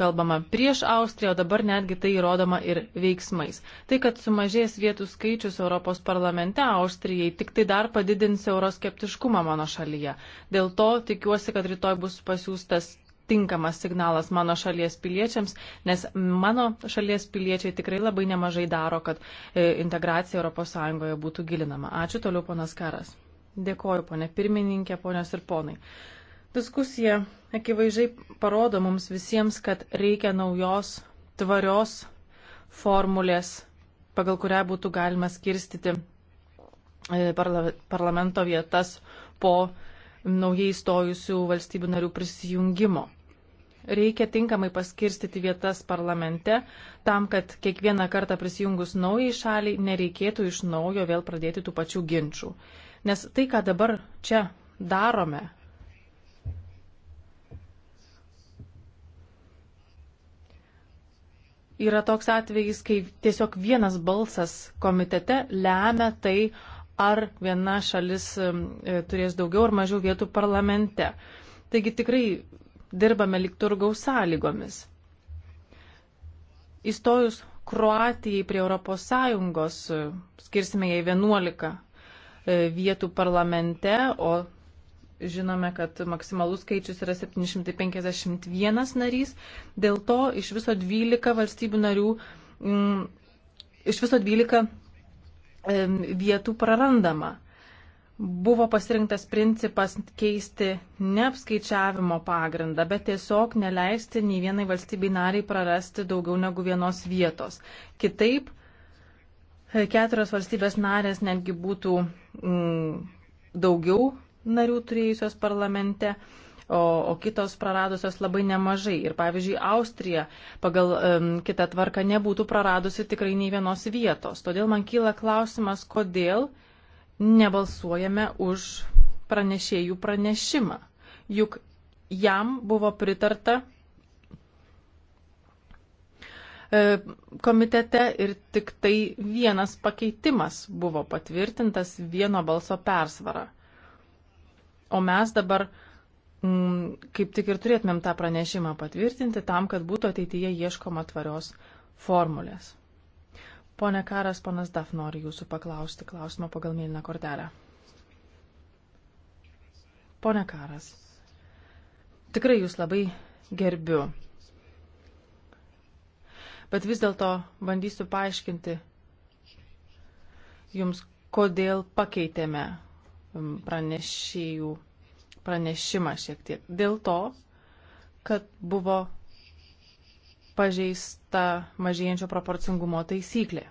kalbama prieš Austriją, o dabar netgi tai įrodoma ir veiksmais. Tai, kad sumažės vietų skaičius Europos parlamente Austrijai, tik tai dar padidins euroskeptiškumą mano šalyje. Dėl to tikiuosi, kad rytoj bus pasiūstas tinkamas signalas mano šalies piliečiams, nes mano šalies piliečiai tikrai labai nemažai daro, kad e, integracija ES būtų gilinama. Ačiū toliau, ponas Karas. Dėkoju, ponė pirmininkė, ponios ir ponai. Diskusija akivaizdžiai parodo mums visiems, kad reikia naujos, tvarios formulės, pagal kurią būtų galima skirstyti e, parlamento vietas po naujai įstojusių valstybių narių prisijungimo reikia tinkamai paskirstyti vietas parlamente tam, kad kiekvieną kartą prisijungus naujai šaliai nereikėtų iš naujo vėl pradėti tų pačių ginčių. Nes tai, ką dabar čia darome, yra toks atvejis, kai tiesiog vienas balsas komitete lemia tai, ar viena šalis e, turės daugiau ar mažiau vietų parlamente. Taigi tikrai dirbame lik turgaus sąlygomis. Įstojus Kroatijai prie ES e, skirsime jai 11 e, vietų parlamente, o žinome, kad maksimalus skaičius yra 751 narys, dėl to iš viso 12 valstybių narių, m, mm, iš viso 12 vietų prarandama buvo pasirinktas principas keisti ne apskaičiavimo pagrindą, bet tiesiog neleisti nei vienai valstybei nariai prarasti daugiau negu vienos vietos. Kitaip, e, keturios valstybės narės netgi būtų mm, daugiau narių turėjusios parlamente. O, o kitos praradusios labai nemažai. Ir pavyzdžiui, Austrija pagal um, kitą tvarką nebūtų praradusi tikrai nei vienos vietos. Todėl man kyla klausimas, kodėl uh, nebalsuojame už pranešėjų pranešimą, juk jam buvo pritarta e, komitete ir tik tai vienas pakeitimas buvo patvirtintas vieno balso persvara. O mes dabar mm, kaip tik ir turėtumėm tą pranešimą patvirtinti tam, kad būtų ateityje ieškoma tvarios formulės. Pone Karas, ponas Daf nori jūsų paklausti klausimą pagal mėlyną kortelę. Pone Karas, tikrai jūs labai gerbiu. Bet vis dėlto bandysiu paaiškinti jums, kodėl pakeitėme um, pranešėjų pranešimą šiek tiek. Dėl to, kad buvo pažeista mažėjančio proporcingumo taisyklė.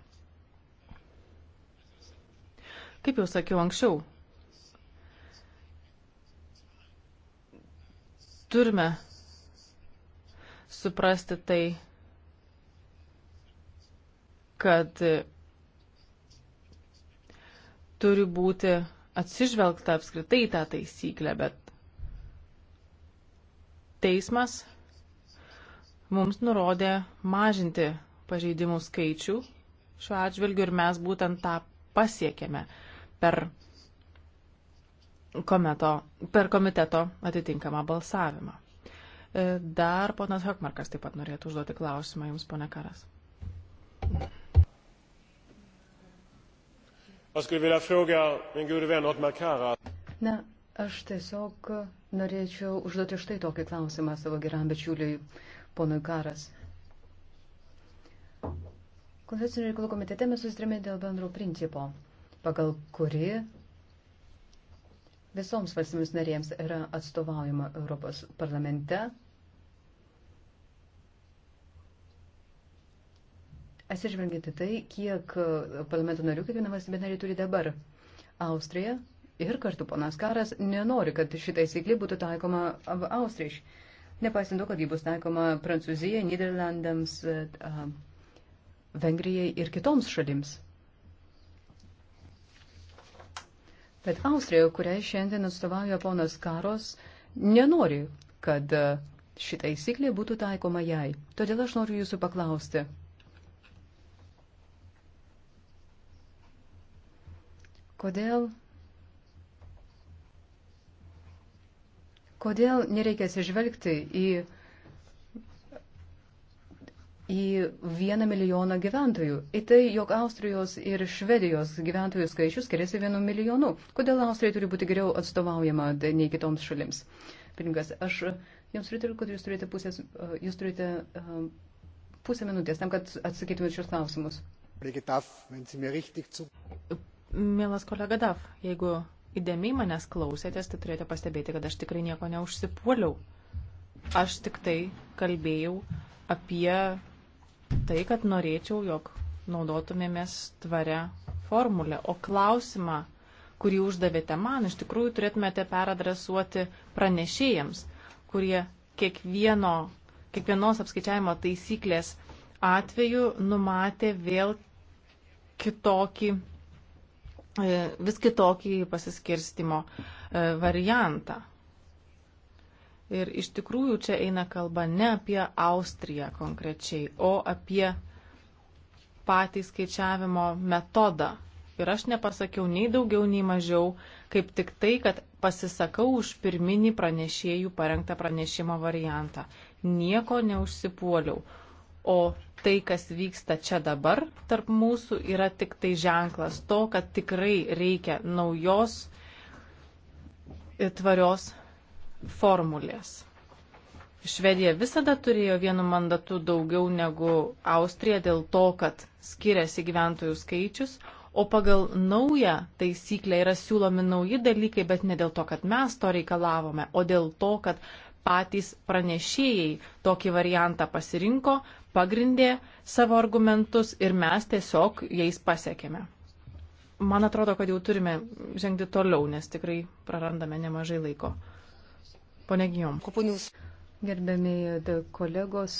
Kaip jau sakiau anksčiau, turime suprasti tai, kad turi būti atsižvelgta apskritai tą taisyklę, bet teismas mums nurodė mažinti pažeidimų skaičių šiuo atžvilgiu ir mes būtent tą pasiekėme per, kometo, per komiteto atitinkamą balsavimą. E, dar ponas Hokmarkas taip pat norėtų užduoti klausimą jums, pone Karas. Na, aš tiesiog norėčiau užduoti štai tokį klausimą savo geram bičiuliui ponui Karas. Konstitucinio reikalų komitete mes susitrėmė dėl bendro principo, pagal kuri visoms valstybėms narėms yra atstovaujama Europos parlamente. Atsižvelgiant į tai, kiek parlamento narių kiekviena valstybė narė turi dabar. Austrija ir kartu ponas Karas nenori, kad šitai sėkli būtų taikoma Austrijai nepaisant to, kad ji bus taikoma Prancūzijai, Niderlandams, e, Vengrijai ir kitoms šalims. Bet Austrija, kuriai šiandien atstovauja ponas Karos, nenori, kad e, ši taisyklė būtų taikoma jai. Todėl aš noriu jūsų paklausti. Kodėl Kodėl nereikia atsižvelgti į, į vieną milijoną gyventojų? Į tai, jog Austrijos ir Švedijos gyventojų skaičius skiriasi vienu milijonu. Kodėl Austrija turi būti geriau atstovaujama nei kitoms šalims? Pirmingas, aš jums pritariu, kad jūs turite, pusės, jūs turite e, pusę minutės tam, kad atsakytumėte šios klausimus. Mielas kolega Daf, jeigu įdėmiai manęs klausėtės, tai turėjote pastebėti, kad aš tikrai nieko neužsipuoliau. Aš tik tai kalbėjau apie tai, kad norėčiau, jog naudotumėmės tvarę formulę. O klausimą, kurį uždavėte man, iš tikrųjų turėtumėte peradresuoti pranešėjams, kurie kiekvieno, kiekvienos apskaičiavimo taisyklės atveju numatė vėl kitokį E, vis kitokį pasiskirstimo e, variantą. Ir iš tikrųjų čia eina kalba ne apie Austriją konkrečiai, o apie patį skaičiavimo metodą. Ir aš nepasakiau nei daugiau, nei mažiau, kaip tik tai, kad pasisakau už pirminį pranešėjų parengtą pranešimo variantą. Nieko neužsipuoliau. O tai, kas vyksta čia dabar tarp mūsų, yra tik tai ženklas to, kad tikrai reikia naujos tvarios formulės. Švedija visada turėjo vienu mandatu daugiau negu Austrija dėl to, kad skiriasi gyventojų skaičius, o pagal naują taisyklę yra siūlomi nauji dalykai, bet ne dėl to, kad mes to reikalavome, o dėl to, kad patys pranešėjai tokį variantą pasirinko, pagrindė savo argumentus ir mes tiesiog jais pasiekėme. Man atrodo, kad jau turime žengti toliau, nes tikrai prarandame nemažai laiko. Pone Gijom. Gerbėmiai kolegos,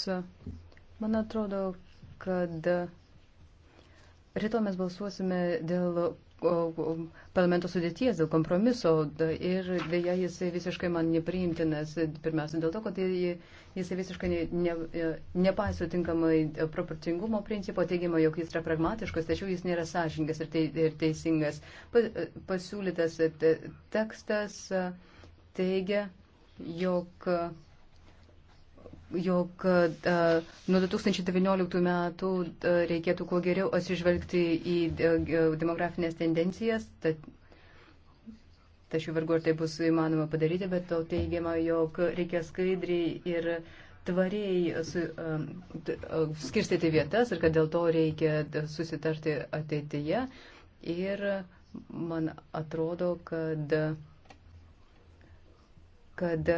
man atrodo, kad ryto mes balsuosime dėl parlamento sudėties, dėl kompromiso ir dėja jisai visiškai man nepriimtinas, pirmiausia dėl to, kad jisai visiškai ne, ne, nepaiso tinkamai proporcingumo principo, teigiama, jog jis yra pragmatiškas, tačiau jis nėra sąžingas ir, te, ir teisingas. Pasiūlytas tekstas teigia, jog jog e, nuo 2019 metų e, reikėtų kuo geriau atsižvelgti į e, demografinės tendencijas. Tačiau vargu ar tai bus įmanoma padaryti, bet to teigiama, jog reikia skaidriai ir tvariai su, uh, skirstyti vietas ir kad dėl to reikia susitarti ateityje. Ir man atrodo, kad, kad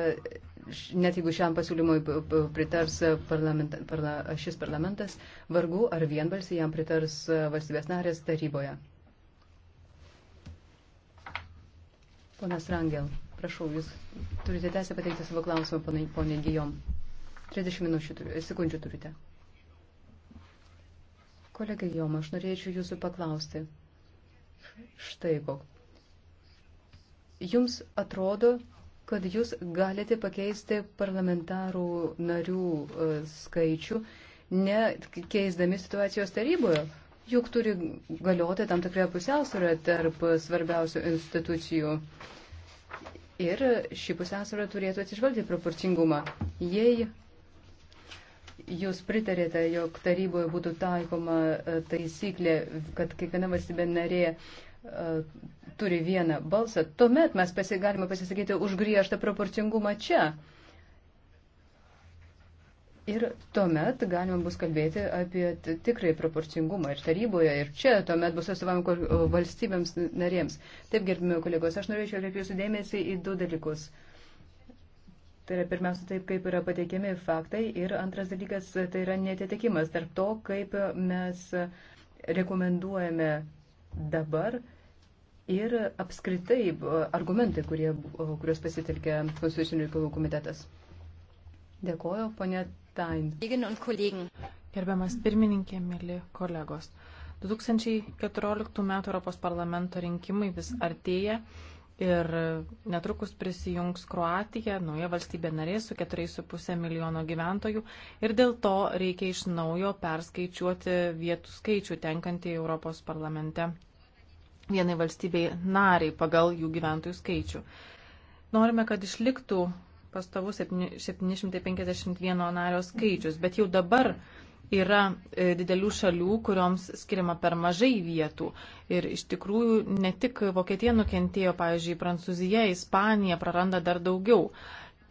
net jeigu šiam pasiūlymui pritars parlament, parla, šis parlamentas, vargu ar vienbalsiai jam pritars valstybės narės taryboje. Ponas Rangel, prašau, jūs turite teisę pateikti savo klausimą, ponė Gijom. 30 minučių, sekundžių turite. Kolegai Gijom, aš norėčiau jūsų paklausti. Štai ko. Jums atrodo, kad jūs galite pakeisti parlamentarų narių e, skaičių, ne keisdami situacijos taryboje. Juk turi galioti tam tikrą pusiausvyrą tarp svarbiausių institucijų. Ir ši pusiausvyrą turėtų atsižvelgti proporcingumą. Jei Jūs pritarėte, jog taryboje būtų taikoma e, taisyklė, kad kiekviena valstybė narė e, turi vieną balsą, tuomet mes pasi, galime pasisakyti už griežtą proporcingumą čia. Ir tuomet galima bus kalbėti apie tikrai proporcingumą ir taryboje, ir čia tuomet bus atstovavimo valstybėms narėms. Taip, gerbimi kolegos, aš norėčiau atkreipti jūsų dėmesį į du dalykus. Tai yra pirmiausia taip, kaip yra pateikiami faktai ir antras dalykas tai yra netitikimas tarp to, kaip mes rekomenduojame dabar ir apskritai e, argumentai, kurie, e, kurios pasitelkė Konstitucinių reikalų komitetas. Dėkoju, ponė Tain. Gerbiamas pirmininkė, mėly kolegos. 2014 m. Europos parlamento rinkimai vis artėja ir netrukus prisijungs Kroatija, nauja valstybė narė su 4,5 milijono gyventojų ir dėl to reikia iš naujo perskaičiuoti vietų skaičių tenkantį Europos parlamente vienai valstybei nariai pagal jų gyventojų skaičių. Norime, kad išliktų pastovų 751 nario skaičius, bet jau dabar yra e, didelių šalių, kurioms skiriama per mažai vietų. Ir iš tikrųjų ne tik Vokietija nukentėjo, pavyzdžiui, Prancūzija, Ispanija praranda dar daugiau.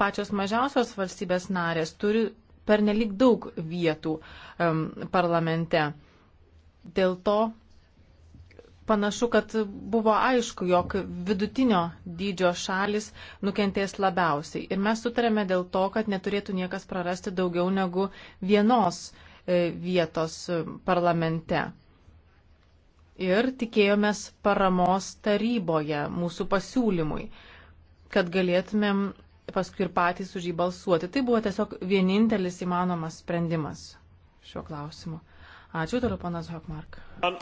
Pačios mažiausios valstybės narės turi pernelik daug vietų um, parlamente. Dėl to panašu, kad buvo aišku, jog vidutinio dydžio šalis nukentės labiausiai. Ir mes sutarėme dėl to, kad neturėtų niekas prarasti daugiau negu vienos e, vietos e, parlamente. Ir tikėjomės paramos taryboje mūsų pasiūlymui, kad galėtumėm paskui ir patys už jį balsuoti. Tai buvo tiesiog vienintelis įmanomas sprendimas šiuo klausimu. Ačiū toliau, panas Hokmark. An.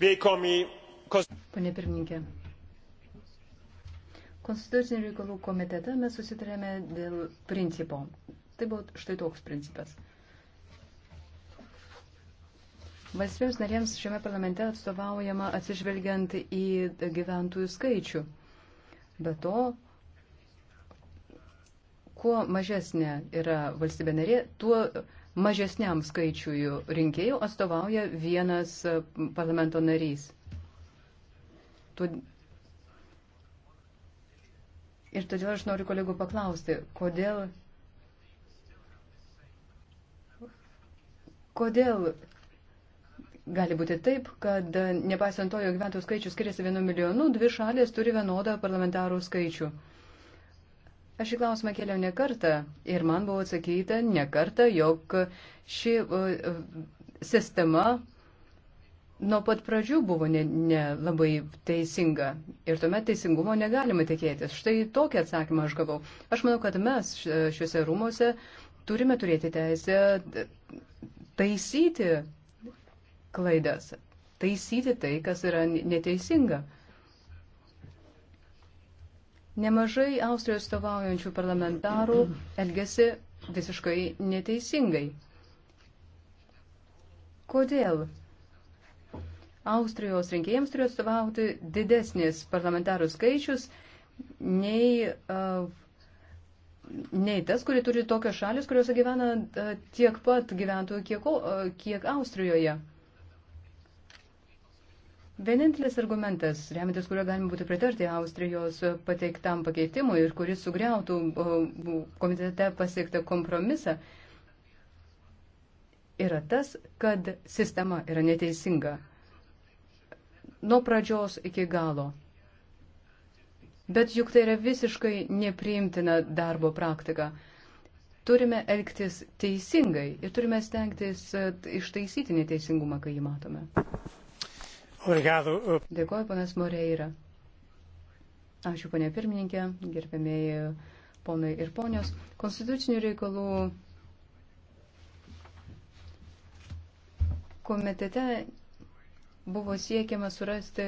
Pane pirmininkė, Konstitucinio reikalų komitete mes susitarėme dėl principo. Tai buvo štai toks principas. Valstybėms narėms šiame parlamente atstovaujama atsižvelgiant į gyventojų skaičių. Be to, kuo mažesnė yra valstybė narė, tuo mažesniam skaičiui rinkėjų atstovauja vienas e, parlamento narys. Ir todėl aš noriu kolegų paklausti, kodėl, kodėl Gali būti taip, kad e, nepaisant to, jog gyventojų skaičius skiriasi vienu milijonu, dvi šalės turi vienodą parlamentarų skaičių. Aš šį klausimą kėliau ne kartą ir man buvo atsakyta ne kartą, jog ši e, e, sistema nuo pat pradžių buvo nelabai ne, ne teisinga ir tuomet teisingumo negalima tikėtis. Štai tokį atsakymą aš gavau. Aš manau, kad mes šiuose rūmose turime turėti teisę taisyti klaidas, taisyti tai, kas yra neteisinga. Nemažai Austrijos stovaujančių parlamentarų elgesi visiškai neteisingai. Kodėl? Austrijos rinkėjams turi atstovauti didesnis parlamentarų skaičius nei, uh, nei tas, kurį turi tokios šalis, kuriuose gyvena uh, tiek pat gyventojų, kiek, uh, kiek Austrijoje. Uh, Vienintelis argumentas, remintis kurio galima būtų pritarti Austrijos pateiktam pakeitimui ir kuris sugriautų komitete pasiektą kompromisą, yra tas, kad sistema yra neteisinga nuo pradžios iki galo. Bet juk tai yra visiškai nepriimtina darbo praktika. Turime elgtis teisingai ir turime stengtis e, ištaisyti neteisingumą, kai jį matome. Obrigado. Dėkuoju, panas Moreira. Ačiū, ponė pirmininkė, gerbėmėjai ponai ir ponios. Konstitucinių reikalų komitete buvo siekiama surasti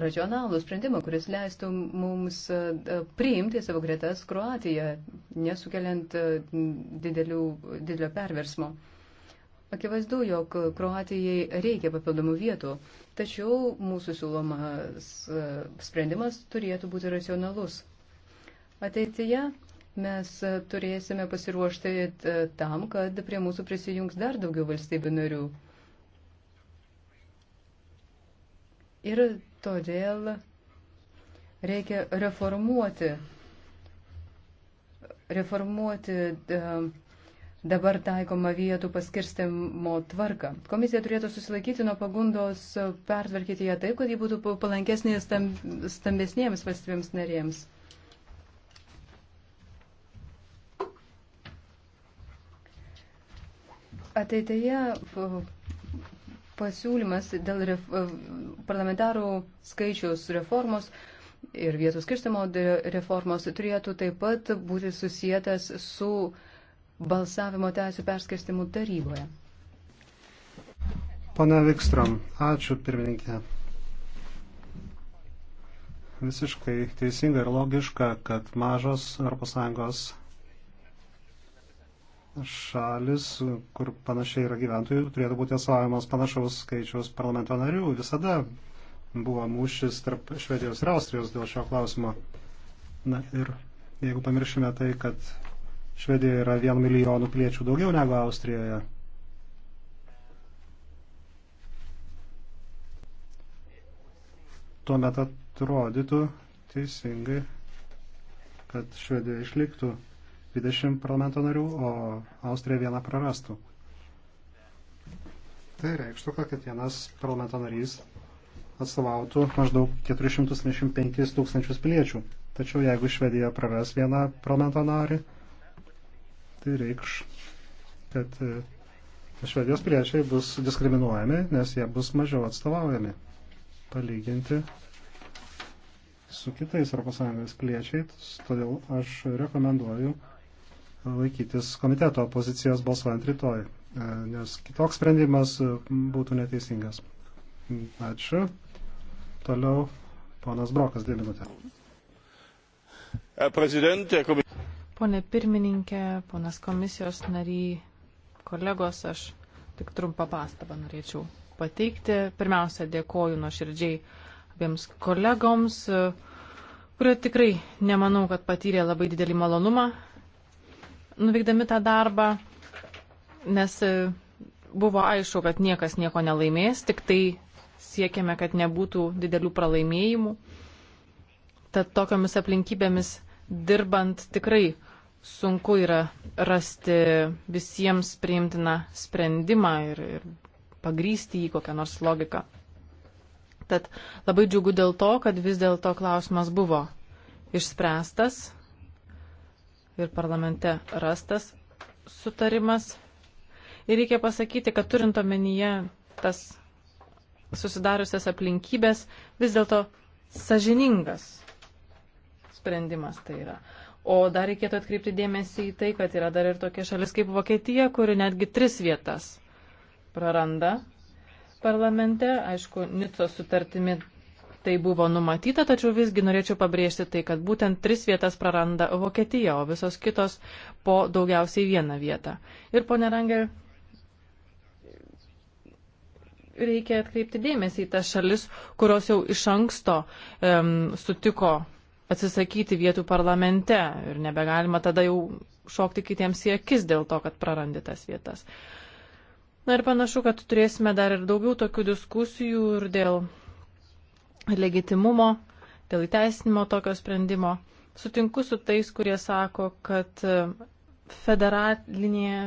racionalų sprendimą, kuris leistų mums priimti savo gretas Kroatiją, nesukeliant didelių, didelio perversmo. Akivaizdu, jog Kroatijai reikia papildomų vietų, tačiau mūsų siūlomas e, sprendimas turėtų būti racionalus. Ateityje mes turėsime pasiruošti e, tam, kad prie mūsų prisijungs dar daugiau valstybių narių. Ir todėl reikia reformuoti, reformuoti uh, dabar taikoma vietų paskirstimo tvarka. Komisija turėtų susilaikyti nuo pagundos pertvarkyti ją taip, kad ji būtų palankesnė stambesniems valstybėms narėms. Ateityje pasiūlymas dėl ref, parlamentarų skaičiaus reformos ir vietų skirstimo reformos turėtų taip pat būti susijęs su uh, balsavimo teisų perskirstimų taryboje. Pane Vikstrom, ačiū pirmininkė. Visiškai teisinga ir logiška, kad mažos ES šalis, kur panašiai yra gyventojų, turėtų būti atstovavimas panašaus skaičiaus parlamento narių. Visada buvo mūšis tarp Švedijos ir Austrijos dėl šio klausimo. Na ir jeigu pamiršime tai, kad Švedijoje yra 1 milijonų piliečių daugiau negu Austrijoje. Tuomet atrodytų teisingai, kad Švedija išliktų 20 parlamento narių, o Austrija vieną prarastų. Tai reikštų, kad kiekvienas parlamento narys atstovautų maždaug 475 tūkstančius piliečių. Tačiau jeigu Švedija praras vieną parlamento narį, tai reikš, kad e, švedijos priečiai bus diskriminuojami, nes jie bus mažiau atstovaujami. Palyginti su kitais ES piliečiais, todėl aš rekomenduoju laikytis komiteto pozicijos balsuojant rytoj, e, nes kitoks sprendimas e, būtų neteisingas. Ačiū. Toliau ponas Brokas, dvi minutės. Herr Präsident, der Kommissar. Pone pirmininkė, ponas komisijos nary, kolegos, aš tik trumpą pastabą norėčiau pateikti. Pirmiausia, dėkoju nuoširdžiai abiems kolegoms, kurie tikrai nemanau, kad patyrė labai didelį malonumą nuveikdami tą darbą, nes buvo aišku, kad niekas nieko nelaimės, tik tai siekėme, kad nebūtų didelių pralaimėjimų. Tad tokiomis aplinkybėmis dirbant tikrai sunku yra rasti visiems priimtiną sprendimą ir, ir pagrysti jį kokią nors logiką. Tad labai džiugu dėl to, kad vis dėlto klausimas buvo išspręstas ir parlamente rastas sutarimas. Ir reikia pasakyti, kad turint omenyje tas susidariusias aplinkybės, vis dėlto sažiningas sprendimas tai yra. O dar reikėtų atkreipti dėmesį į tai, kad yra dar ir tokia šalis kaip Vokietija, kuri netgi tris vietas praranda parlamente. Aišku, Nico sutartimi tai buvo numatyta, tačiau visgi norėčiau pabrėžti tai, kad būtent tris vietas praranda Vokietija, o visos kitos po daugiausiai vieną vietą. Ir ponė Rangel, reikia atkreipti dėmesį į tas šalis, kurios jau iš anksto um, sutiko atsisakyti vietų parlamente ir nebegalima tada jau šokti kitiems į akis dėl to, kad prarandi tas vietas. Na ir panašu, kad turėsime dar ir daugiau tokių diskusijų ir dėl legitimumo, dėl įteisinimo tokio sprendimo. Sutinku su tais, kurie sako, kad federalinėje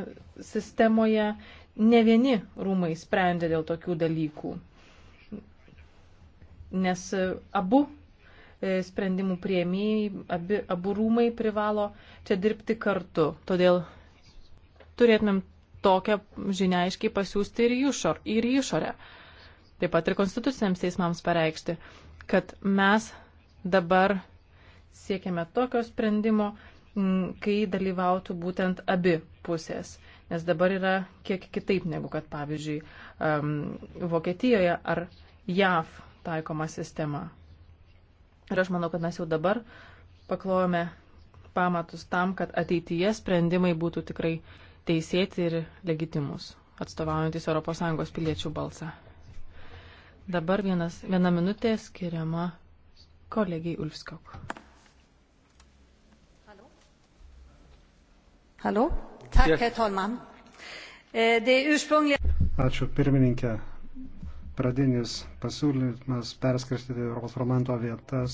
sistemoje ne vieni rūmai sprendė dėl tokių dalykų. Nes abu E, sprendimų prieimėjai, abi, abu rūmai privalo čia dirbti kartu. Todėl turėtumėm tokią žinią aiškiai pasiūsti ir, išor, ir išorę. Taip pat ir konstituciniams teismams pareikšti, kad mes dabar siekiame tokio sprendimo, kai dalyvautų būtent abi pusės. Nes dabar yra kiek kitaip negu kad, pavyzdžiui, um, Vokietijoje ar JAV taikoma sistema. Ir aš manau, kad mes jau dabar paklojome pamatus tam, kad ateityje sprendimai būtų tikrai teisėti ir legitimus, atstovaujantis ES piliečių balsą. Dabar vienas, viena minutė skiriama kolegiai Ulfskok. Halo? Tak, herr Tolman. Eh, det ursprungliga... Ačiū pirmininkė pradinis pasiūlymas perskirstyti Europos parlamento vietas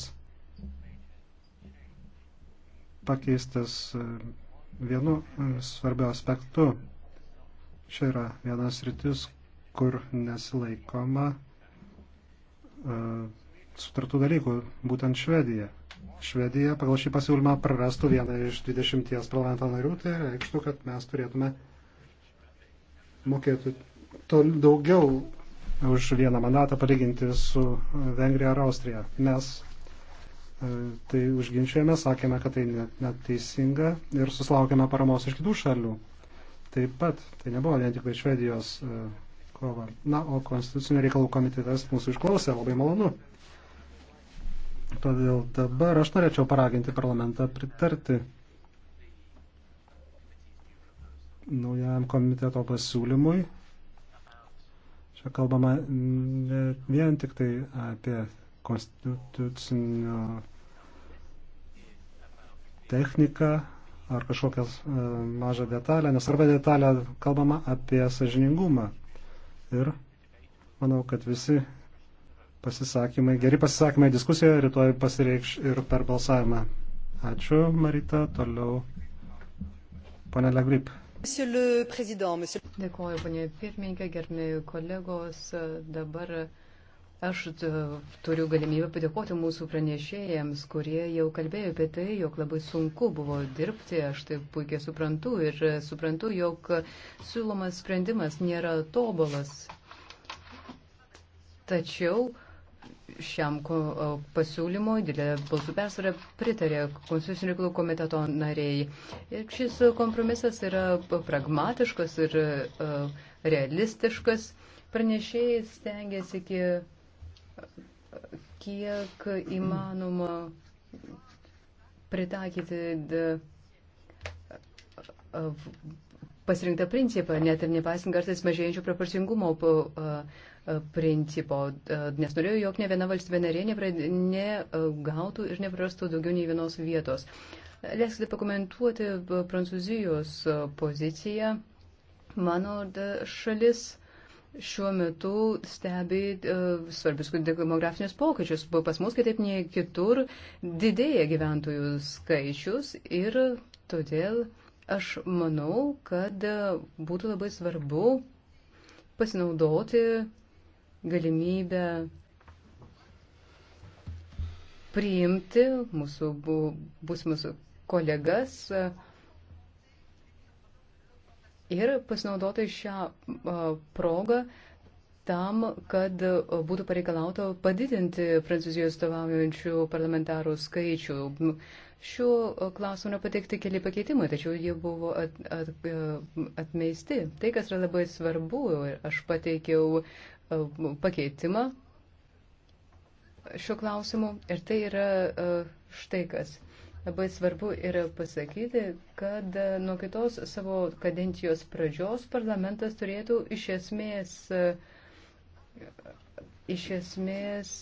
pakeistas e, vienu e, svarbiu aspektu. Čia yra vienas rytis, kur nesilaikoma e, sutartų dalykų, būtent Švedija. Švedija pagal šį pasiūlymą prarastų vieną iš 20 parlamento narių, tai reikštų, kad mes turėtume mokėti daug, daugiau už vieną mandatą palyginti su Vengrija ar Austrija. Mes e, tai užginčiojame, sakėme, kad tai neteisinga ir susilaukėme paramos iš kitų šalių. Taip pat tai nebuvo vien tik tai Švedijos e, kova. Na, o Konstitucinio reikalų komitetas mūsų išklausė, labai malonu. Todėl dabar aš norėčiau paraginti parlamentą pritarti naujam komiteto pasiūlymui Čia kalbama ne vien tik tai apie konstitucinio techniką ar kažkokią e, mažą detalę, nes arba detalę kalbama apie sažiningumą. Ir manau, kad visi pasisakymai, geri pasisakymai diskusijoje rytoj pasireikš ir per balsavimą. Ačiū, Marita, toliau. Pane Legrip. Dėkuoju, panė pirmininkė, gerbėjai kolegos. Dabar aš turiu galimybę padėkoti mūsų pranešėjams, kurie jau kalbėjo apie tai, jog labai sunku buvo dirbti. Aš tai puikiai suprantu ir suprantu, jog siūlomas sprendimas nėra tobulas. Tačiau šiam e, pasiūlymui, didelė balsų persvara pritarė Konstitucinio reikalų komiteto nariai. Ir šis kompromisas yra pragmatiškas ir uh, realistiškas. Pranešėjai stengiasi kiek, kiek įmanoma pritaikyti de, uh, pasirinktą principą, net ir nepaisant kartais mažėjančio proporcingumo. Uh, principo, e, nes norėjau, jog ne viena valstybė narė negautų ir neprarastų daugiau nei vienos vietos. Leiskite pakomentuoti e, Prancūzijos e, poziciją. Mano šalis šiuo metu stebi uh, svarbius demografinius pokyčius. Pas mus, kitaip nei kitur, didėja gyventojų skaičius ir todėl aš manau, kad būtų labai svarbu pasinaudoti galimybę priimti mūsų bu, bus mūsų kolegas e, ir pasinaudoti šią e, progą tam, kad būtų pareikalauta padidinti Prancūzijos stovaujančių parlamentarų skaičių. Šiuo klausimu pateikti keli pakeitimai, tačiau jie buvo at, at, e, atmeisti. Tai, kas yra labai svarbu, aš pateikiau E, pakeitimą šiuo klausimu. Ir tai yra e, štai kas. Labai svarbu yra pasakyti, kad e, nuo kitos savo kadencijos pradžios parlamentas turėtų iš esmės, iš esmės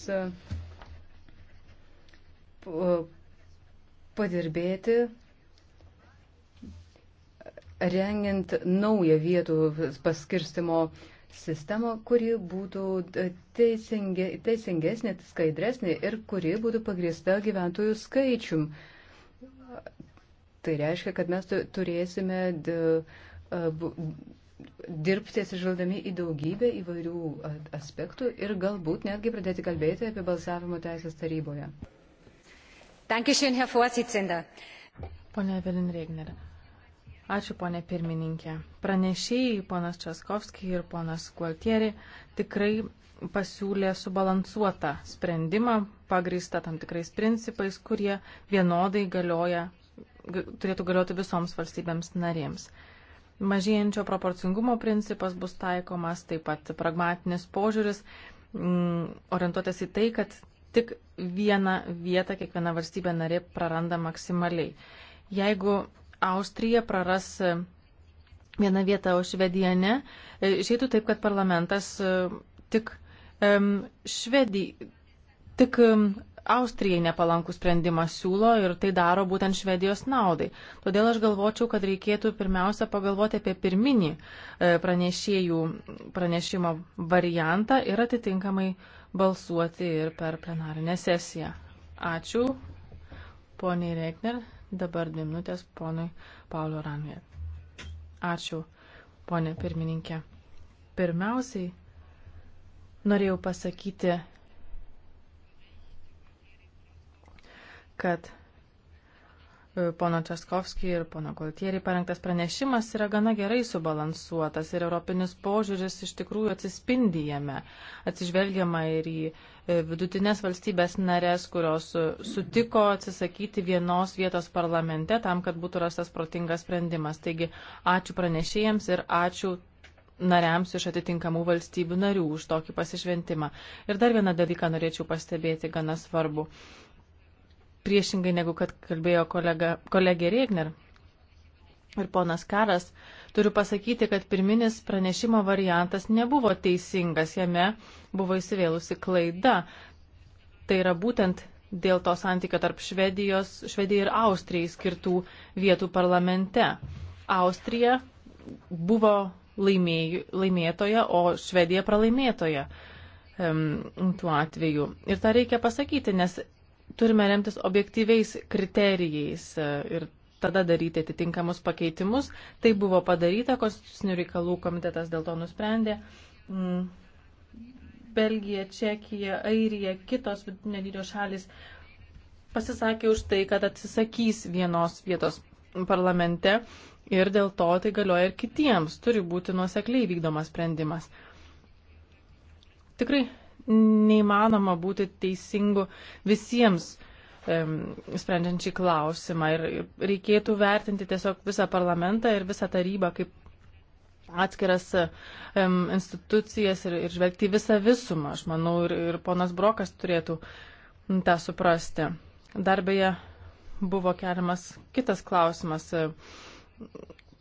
padirbėti, rengiant naują vietų paskirstimo uh, sistemą, kuri būtų e, teisinge, teisingesnė, skaidresnė ir kuri būtų pagrįsta gyventojų skaičium. Tai reiškia, kad mes turėsime e, dirbti atsižvelgdami į daugybę įvairių aspektų ir galbūt netgi pradėti kalbėti apie balsavimo teisės taryboje. Dankeschön, Herr Vorsitzender. Pone Evelin Regner. Ačiū, ponė pirmininkė. Pranešėjai, ponas Českovskis ir ponas Gualtieri, tikrai pasiūlė subalansuotą sprendimą, pagrįstą tam tikrais principais, kurie vienodai galioja, turėtų galioti visoms valstybėms narėms. Mažėjančio proporcingumo principas bus taikomas, taip pat pragmatinis požiūris, m, mm, orientuotas į tai, kad tik vieną vietą kiekviena valstybė narė praranda maksimaliai. Jeigu Austrija praras e, vieną vietą, o Švedija ne. E, išeitų taip, kad parlamentas e, tik Švedijai, tik Austrijai nepalankų sprendimą siūlo ir tai daro būtent Švedijos naudai. Todėl aš galvočiau, kad reikėtų pirmiausia pagalvoti apie pirminį pranešėjų pranešimo variantą ir atitinkamai balsuoti ir per plenarinę sesiją. Ačiū, poniai Reikner. Dabar dvi minutės ponui Paulio Ranvė. Ačiū, ponė pirmininkė. Pirmiausiai norėjau pasakyti, kad pono Českovskį ir pono Koltierį parengtas pranešimas yra gana gerai subalansuotas ir europinis požiūris iš tikrųjų atsispindi jame. Atsižvelgiama ir į e, vidutinės valstybės narės, kurios e, sutiko atsisakyti vienos vietos parlamente tam, kad būtų rastas protingas sprendimas. Taigi ačiū pranešėjams ir ačiū nariams iš atitinkamų valstybių narių už tokį pasišventimą. Ir dar vieną dalyką norėčiau pastebėti gana svarbu. Uh, priešingai negu kad kalbėjo kolega, kolegė Riegner ir ponas Karas, turiu pasakyti, kad pirminis pranešimo variantas nebuvo teisingas, jame buvo įsivėlusi klaida. Tai yra būtent dėl to santykio tarp Švedijos, Švedijai ir Austrijai skirtų vietų parlamente. Austrija buvo laimėjų, laimėtoja, o Švedija pralaimėtoja um, tuo atveju. Ir tą reikia pasakyti, nes turime remtis objektyviais kriterijais e, ir tada daryti atitinkamus pakeitimus. Tai buvo padaryta, konstitucinių reikalų komitetas dėl to nusprendė. Mm, Belgija, Čekija, Airija, kitos vidutinio dydžio šalis pasisakė už tai, kad atsisakys vienos vietos parlamente ir dėl to tai galioja ir kitiems. Turi būti nuosekliai vykdomas sprendimas. Tikrai neįmanoma būti teisingu visiems sprendžiant šį klausimą. Ir reikėtų vertinti tiesiog visą parlamentą ir visą tarybą kaip atskiras um, institucijas ir, ir žvelgti visą visumą. Aš manau, ir, ir ponas Brokas turėtų tą suprasti. Dar beje buvo keliamas kitas klausimas. E,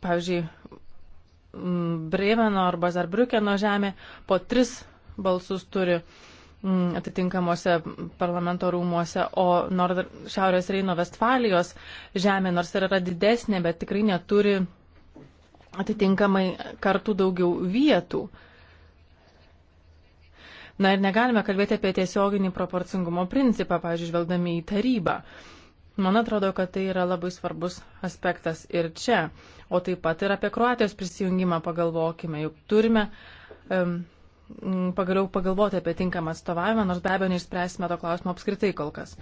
pavyzdžiui, Breveno arba Zarbriukeno žemė po tris balsus turi mm, atitinkamuose parlamento rūmuose, o Nord Šiaurės Reino Vestfalijos žemė, nors ir yra didesnė, bet tikrai neturi atitinkamai kartų daugiau vietų. Na ir negalime kalbėti apie tiesioginį proporcingumo principą, pavyzdžiui, žvelgdami į tarybą. Man atrodo, kad tai yra labai svarbus aspektas ir čia. O taip pat ir apie Kroatijos prisijungimą pagalvokime, juk turime um, Mm, pagaliau pagalvoti apie tinkamą atstovavimą, nors be abejo neišspręsime to klausimo apskritai kol kas.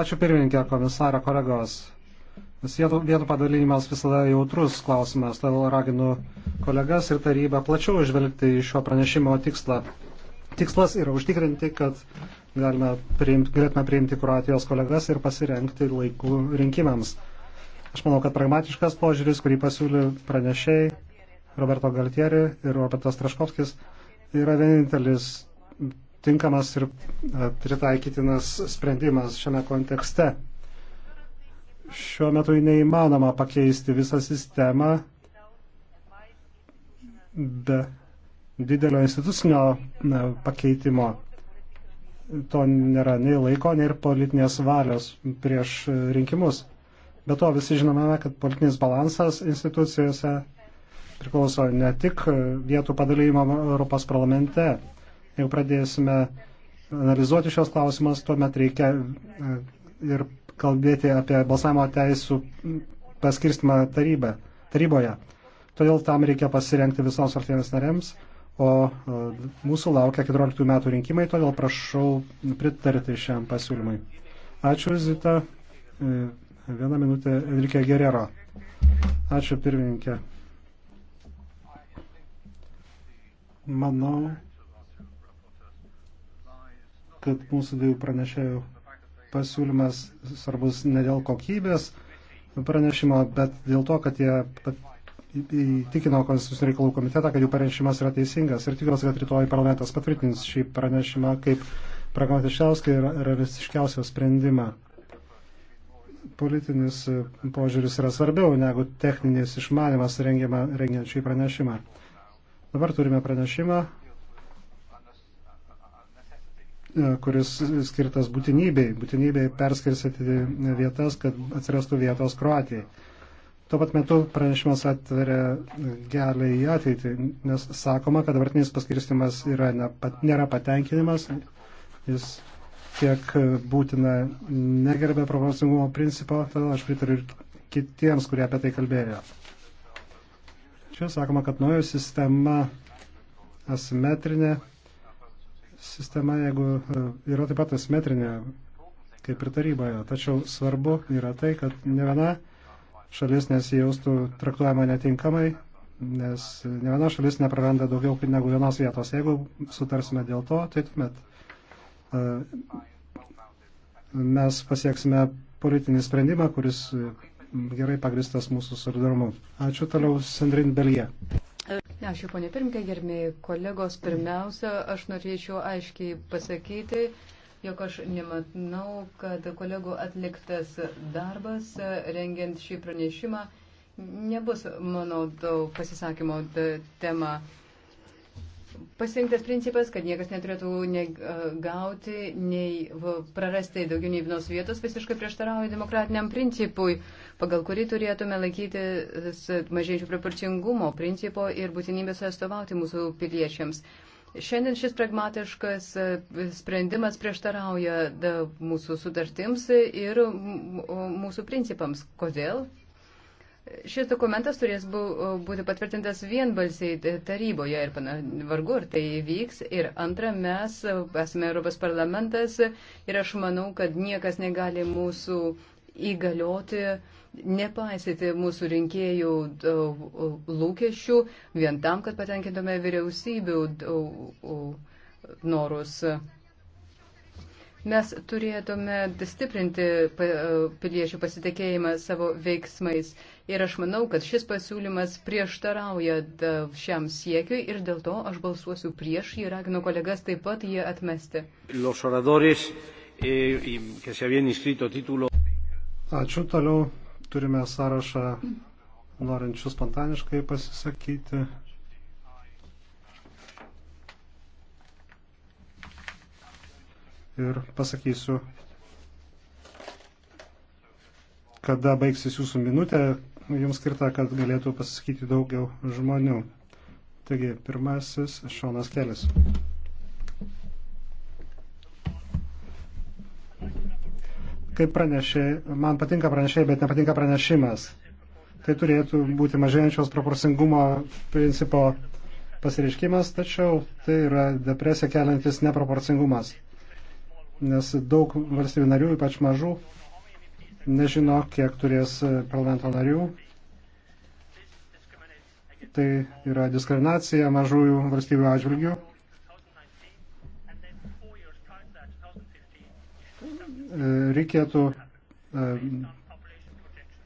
Ačiū pirmininkė, komisarė, kolegos. Vietų, vietų padalymas visada jautrus klausimas, todėl raginu kolegas ir tarybą plačiau žvelgti į šio pranešimo tikslą. Tikslas yra užtikrinti, kad galime priimti, galėtume priimti Kroatijos kolegas ir pasirenkti laikų rinkimams. Aš manau, kad pragmatiškas požiūris, kurį pasiūlė pranešiai Roberto Galtieri ir Robertas Traškovskis, Tai yra vienintelis tinkamas ir e, pritaikytinas sprendimas šiame kontekste. Šiuo metu neįmanoma pakeisti visą sistemą be didelio institucinio e, pakeitimo. To nėra nei laiko, nei ir politinės valios prieš rinkimus. Be to visi žinome, kad politinis balansas institucijose priklauso ne tik vietų padalymo Europos parlamente. Jeigu pradėsime analizuoti šios klausimas, tuomet reikia e, ir kalbėti apie balsavimo teisų paskirstimą tarybą, taryboje. Todėl tam reikia pasirengti visoms valstybėms narėms, o e, mūsų laukia 14 metų rinkimai, todėl prašau pritarti šiam pasiūlymui. Ačiū, Zita. E, Vieną minutę Enrique Gerero. Ačiū, pirmininkė. Manau, kad mūsų dviejų pranešėjų pasiūlymas svarbus ne dėl kokybės pranešimo, bet dėl to, kad jie įtikino konstitucinio reikalų komitetą, kad jų pranešimas yra teisingas. Ir tikiuosi, kad rytoj parlamentas patvirtins šį pranešimą kaip pragmatiškiausią ir realistiškiausią sprendimą. Politinis požiūris yra svarbiau negu techninis išmanimas rengiant šį pranešimą. Dabar turime pranešimą, e, kuris skirtas būtinybei, būtinybei perskirsyti vietas, kad atsirastų vietos Kroatijai. Tuo pat metu pranešimas atveria kelią į ateitį, nes sakoma, kad dabartinis paskirstimas yra nepat, nėra patenkinimas, jis kiek būtina negerbė proporcingumo principo, todėl aš pritariu ir kitiems, kurie apie tai kalbėjo. Čia sakoma, kad nauja sistema asimetrinė sistema, jeigu e, yra taip pat asimetrinė, kaip ir taryboje. Tačiau svarbu yra tai, kad ne viena šalis nesijaustų traktuojama netinkamai, nes ne viena šalis nepraranda daugiau negu vienos vietos. Jeigu sutarsime dėl to, tai tuomet e, mes pasieksime politinį sprendimą, kuris gerai pagristas mūsų solidarumu. Ačiū toliau, Sandrin Belija. Ačiū, ponė pirmininkė, gerbėjai kolegos. Pirmiausia, aš norėčiau aiškiai pasakyti, jog aš nematau, kad kolegų atliktas darbas rengiant šį pranešimą nebus mano pasisakymo tema pasirinktas principas, kad niekas neturėtų ne, gauti, nei prarasti daugiau nei vienos vietos, visiškai prieštarauja demokratiniam principui, pagal kurį turėtume laikytis mažėjančių proporcingumo principo ir būtinybės atstovauti mūsų piliečiams. Šiandien šis pragmatiškas sprendimas prieštarauja mūsų sutartims ir mūsų principams. Kodėl? Šis dokumentas turės būti patvirtintas vienbalsiai taryboje ir vargu, ar tai vyks. Ir antra, mes esame Europos parlamentas ir aš manau, kad niekas negali mūsų įgalioti, nepaisyti mūsų rinkėjų lūkesčių vien tam, kad patenkintume vyriausybių norus. Mes turėtume stiprinti piliečių pasitikėjimą savo veiksmais. Ir aš manau, kad šis pasiūlymas prieštarauja šiam siekiui ir dėl to aš balsuosiu prieš jį, raginu kolegas taip pat jį atmesti. Eh, Ačiū toliau turime sąrašą norinčių spontaniškai pasisakyti. ir pasakysiu, kada baigsis jūsų minutė, jums skirta, kad galėtų pasisakyti daugiau žmonių. Taigi, pirmasis Šonas Kelis. Kaip pranešė, man patinka pranešėjai, bet nepatinka pranešimas. Tai turėtų būti mažėjančios proporcingumo principo pasireiškimas, tačiau tai yra depresija keliantis neproporcingumas nes daug valstybių narių, ypač mažų, nežino, kiek turės parlamento narių. Tai yra diskriminacija mažųjų valstybių atžvilgių. Reikėtų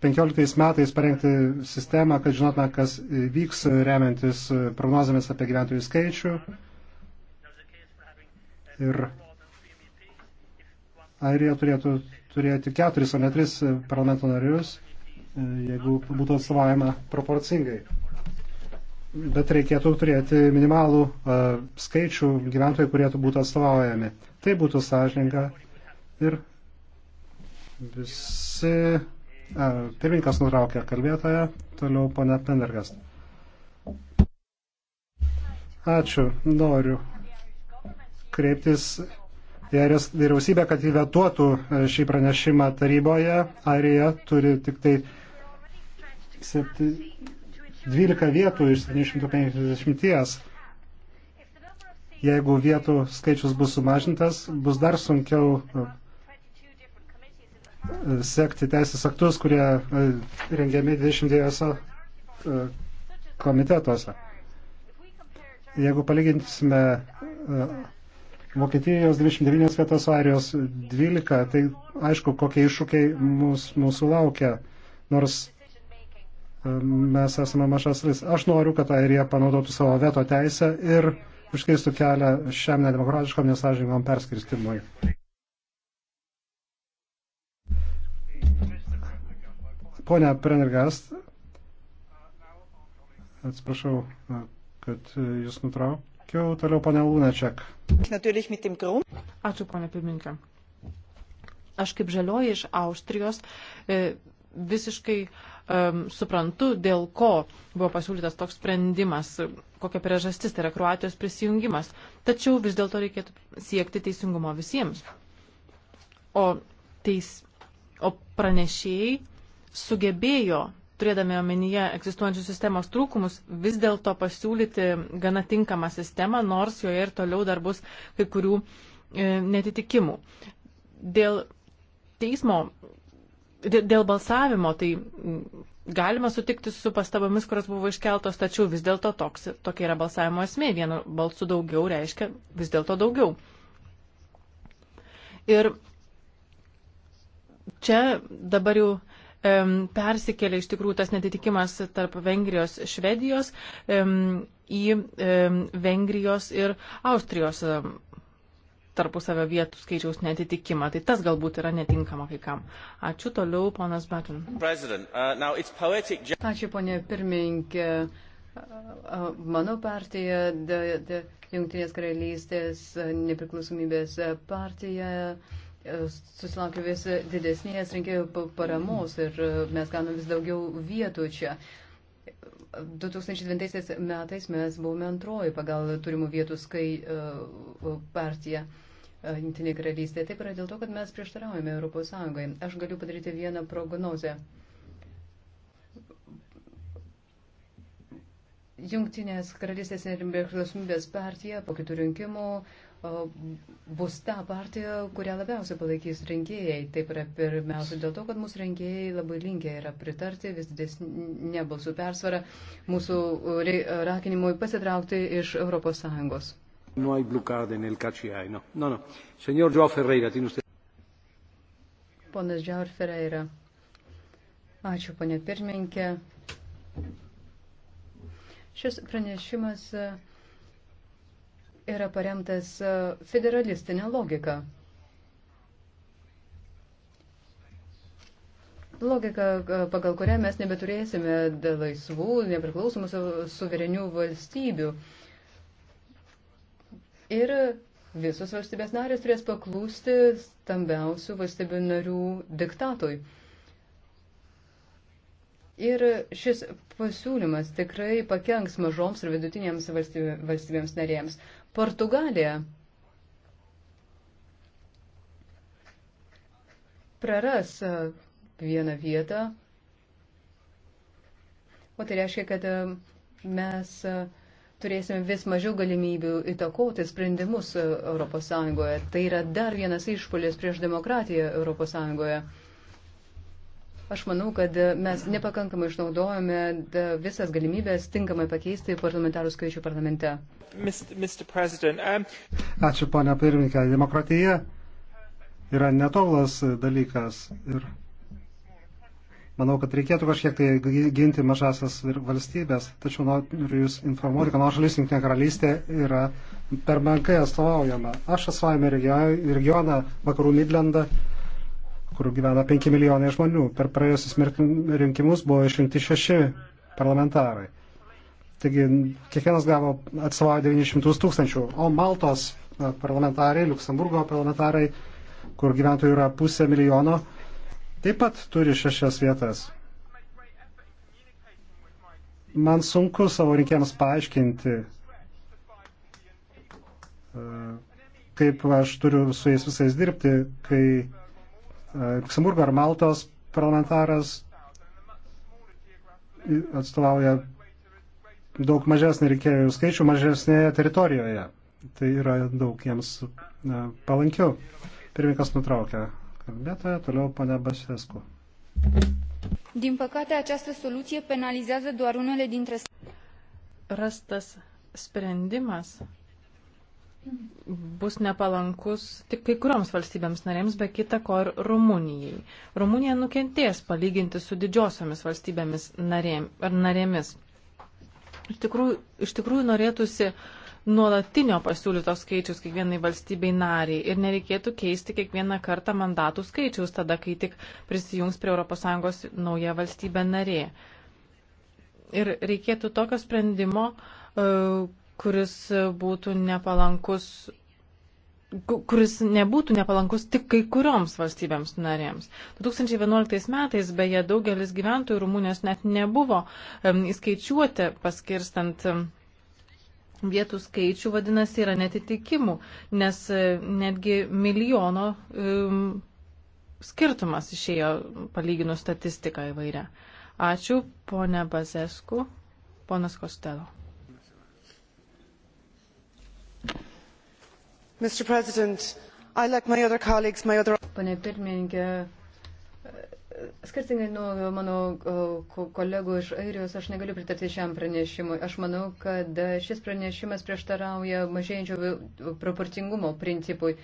15 e, metais parengti sistemą, kad žinotume, kas vyks remiantis prognozėmis apie gyventojų skaičių. Ir Airija turėtų turėti keturis, o ne tris parlamento narius, e, jeigu būtų atstovaujama proporcingai. Bet reikėtų turėti minimalų uh, skaičių gyventojų, kurie būtų atstovaujami. Tai būtų sąžininga. Ir visi. Uh, pirmininkas nutraukė kalbėtoją, toliau pana Pendergas. Ačiū, noriu kreiptis vyriausybė, kad įvetuotų e, šį pranešimą taryboje. Airija turi tik tai 12 vietų iš 750. Jeigu vietų skaičius bus sumažintas, bus dar sunkiau e, sekti teisės aktus, kurie e, rengiami 22 komitetuose. Jeigu palyginsime Vokietijos 29 vietas, Airijos 12, tai aišku, kokie iššūkiai mūs, mūsų laukia, nors e, mes esame mažas lis. Aš noriu, kad Airija panaudotų savo veto teisę ir užkeistų kelią šiam nedemokratiškam nesažiningam perskirstimui. Pone Prenergast, atsiprašau, kad e, jūs nutraukėte. Dėkiau, toliau pane Lūnečiak. Ačiū, pane pirmininkė. Aš kaip žalioji iš Austrijos e, visiškai um, suprantu, dėl ko buvo pasiūlytas toks sprendimas, kokia priežastis tai yra Kroatijos prisijungimas. Tačiau vis dėlto reikėtų siekti teisingumo visiems. O, teis, o pranešėjai sugebėjo turėdami omenyje egzistuojančius sistemos trūkumus, vis dėlto pasiūlyti gana tinkamą sistemą, nors joje ir toliau dar bus kai kurių e, netitikimų. Dėl teismo, dėl balsavimo, tai galima sutikti su pastabomis, kurios buvo iškeltos, tačiau vis dėlto tokia yra balsavimo esmė. Vienu balsu daugiau reiškia vis dėlto daugiau. Ir čia dabar jau persikėlė iš tikrųjų tas netitikimas tarp Vengrijos, Švedijos į Vengrijos ir Austrijos tarpusavio vietų skaičiaus netitikimą. Tai tas galbūt yra netinkama kai kam. Ačiū toliau, ponas Batin. Uh, poetic... Ačiū, ponė pirmininkė. Mano partija, Junktinės karalystės nepriklausomybės partija. Uh, susilaukia vis didesnės rinkėjų paramos ir e, mes gauname vis daugiau vietų čia. 2009 metais mes buvome antroji pagal turimų vietų skai e, partija. E, Jungtinė karalystė. Taip yra dėl to, kad mes prieštaraujame Europos Sąjungai. Aš galiu padaryti vieną prognozę. Jungtinės karalystės ir nepriklausomybės partija po kitų rinkimų uh, bus ta partija, kurią labiausiai palaikys rinkėjai. Taip yra pirmiausia dėl to, kad mūsų rinkėjai labai linkia yra pritarti vis didesnė balsų persvara mūsų rakinimui pasitraukti iš ES. No hay blue card en el KCI, no. No, no. Señor Joao Ferreira, tiene usted. Ponas Joao Ferreira. Ačiū, ponė pirmininkė. Šis pranešimas uh, yra paremtas e, federalistinė logika. Logika, e, pagal kurią mes nebeturėsime laisvų, nepriklausomų suverenių valstybių. Ir visos valstybės narės turės paklūsti stambiausių valstybių narių diktatui. Ir šis pasiūlymas tikrai pakenks mažoms ir vidutinėms valstybėms narėms. Portugalija praras e, vieną vietą, o tai reiškia, kad e, mes e, turėsime vis mažiau galimybių įtakoti sprendimus ES. Tai yra dar vienas išpolis prieš demokratiją ES. Aš manau, kad mes nepakankamai išnaudojame visas galimybės tinkamai pakeisti parlamentarų skaičių parlamente. Um, Ačiū, ponia pirmininkė. Demokratija yra netolas dalykas ir manau, kad reikėtų kažkiek tai ginti mažasias valstybės, tačiau noriu Jūs informuoti, kad mano šalis Junktinė karalystė yra per menkai atstovaujama. Aš atstovaujame regioną, vakarų Midlendą kur gyvena 5 milijonai žmonių. Per praėjusius rinkimus buvo išrinkti 6 parlamentarai. Taigi kiekvienas gavo atstovauja 900 tūkstančių, o Maltos e, parlamentarai, Luksemburgo parlamentarai, kur gyventojų yra pusė milijono, taip pat turi šešias vietas. Man sunku savo rinkėjams paaiškinti, e, kaip aš turiu su jais visais dirbti, kai Luksemburgo ar Maltos parlamentaras atstovauja daug mažesnį rinkėjų skaičių mažesnėje teritorijoje. Tai yra daug jiems palankiau. Pirmininkas nutraukė kalbėtoją, toliau ponia Bašesku. Din păcate, această soluție penalizează doar unele dintre. Rastas sprendimas bus nepalankus tik kai kurioms valstybėms narėms, be kita ko ir Rumunijai. Rumunija nukentės palyginti su didžiosiomis valstybėmis narėm, narėmis. Iš tikrųjų, iš tikrųjų norėtųsi nuolatinio pasiūlyto skaičius kiekvienai valstybei nariai ir nereikėtų keisti kiekvieną kartą mandatų skaičiaus tada, kai tik prisijungs prie ES nauja valstybė narė. Ir reikėtų tokio sprendimo, uh, kuris būtų nepalankus kuris nebūtų nepalankus tik kai kurioms valstybėms narėms. 2011 metais beje daugelis gyventojų Rumunijos net nebuvo um, įskaičiuoti paskirstant um, vietų skaičių, vadinasi, yra netitikimų, nes uh, netgi milijono um, skirtumas išėjo palyginus statistiką įvairią. Ačiū, ponė Bazesku, ponas Kostelo. Mr. President, I, like my other colleagues, my other... Pane pirmininkė, skirtingai nuo mano kolegų iš Airijos, aš negaliu pritarti šiam pranešimui. Aš manau, kad šis pranešimas prieštarauja mažėjančio proporcingumo principui.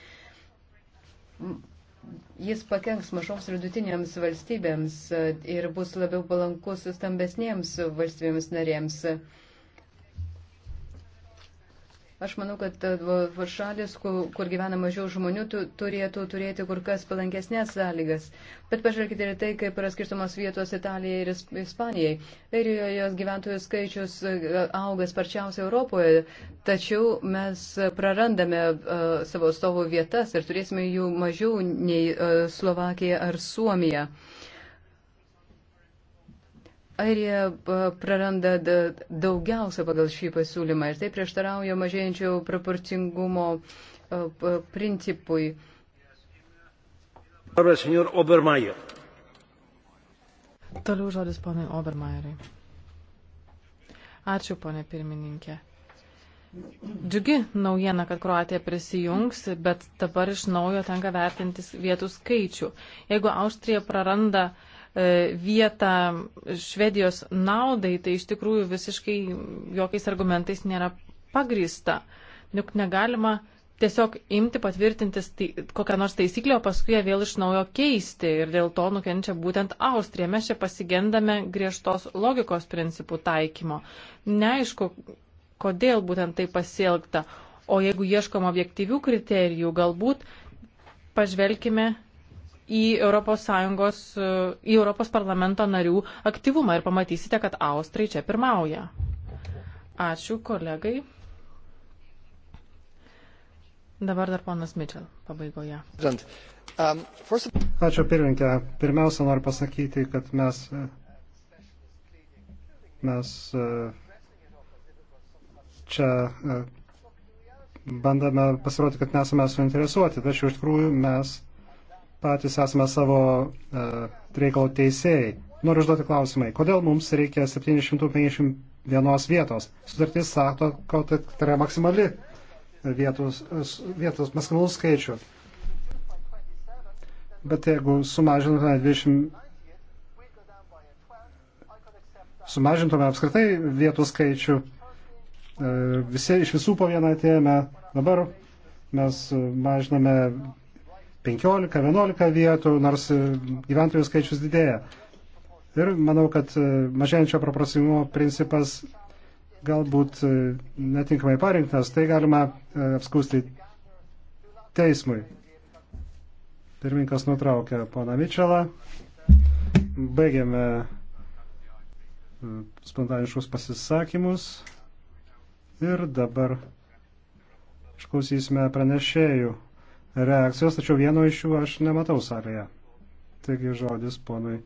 Jis pakenks mažoms ir vidutinėms valstybėms e, ir bus labiau palankus stambesnėms valstybėms narėms. Aš manau, kad e, šalis, kur gyvena mažiau žmonių, turėtų turėti kur kas palankesnės sąlygas. Bet pažiūrėkite ir tai, kaip yra skirstomos vietos Italijai ir Ispanijai. Airijoje gyventojų skaičius e, auga sparčiausiai Europoje, tačiau mes prarandame uh, savo stovų vietas ir turėsime jų mažiau nei uh, Slovakija ar Suomija. Uh, Airija e, praranda daugiausia pagal šį pasiūlymą ir tai prieštarauja mažėjančio proporcingumo e, principui. Toliau žodis ponai Obermajerai. Ačiū, ponė pirmininkė. Džiugi naujiena, kad Kroatija prisijungs, bet dabar iš naujo tenka vertintis vietų skaičių. Jeigu Austrija praranda uh, E, vietą Švedijos naudai, tai iš tikrųjų visiškai jokiais argumentais nėra pagrįsta. Juk negalima tiesiog imti patvirtinti kokią nors taisyklę, o paskui ją vėl iš naujo keisti. Ir dėl to nukenčia būtent Austrija. Mes čia pasigendame griežtos logikos principų taikymo. Neaišku, kodėl būtent tai pasielgta. O jeigu ieškom objektyvių kriterijų, galbūt pažvelkime į ES, e, į Europos parlamento narių aktyvumą ir pamatysite, kad Austrai čia pirmauja. Ačiū kolegai. Dabar dar ponas Mitchell pabaigoje. Um, Ačiū pirmininkė. Pirmiausia, noriu pasakyti, kad mes, e, mes e, čia bandome pasirodyti, kad nesame suinteresuoti, tačiau iš tikrųjų mes patys esame savo uh, reikalo teisėjai. Noriu užduoti klausimai. Kodėl mums reikia 751 vietos? Sutartis sako, kad tai yra maksimali vietos, vietos maksimalus skaičių. Bet jeigu sumažintume 20 sumažintume apskritai vietų skaičių, e, visi, iš visų po vieną atėjome, dabar mes mažiname 15-11 vietų, nors e, gyventojų skaičius didėja. Ir manau, kad e, mažėjančio proporcingumo principas galbūt e, netinkamai parinktas, tai galima apskūsti teismui. Pirmininkas nutraukė poną Mičelą. Baigėme spontaniškus pasisakymus ir dabar išklausysime pranešėjų reakcijos, tačiau vieno iš jų aš nematau salėje. Taigi žodis ponui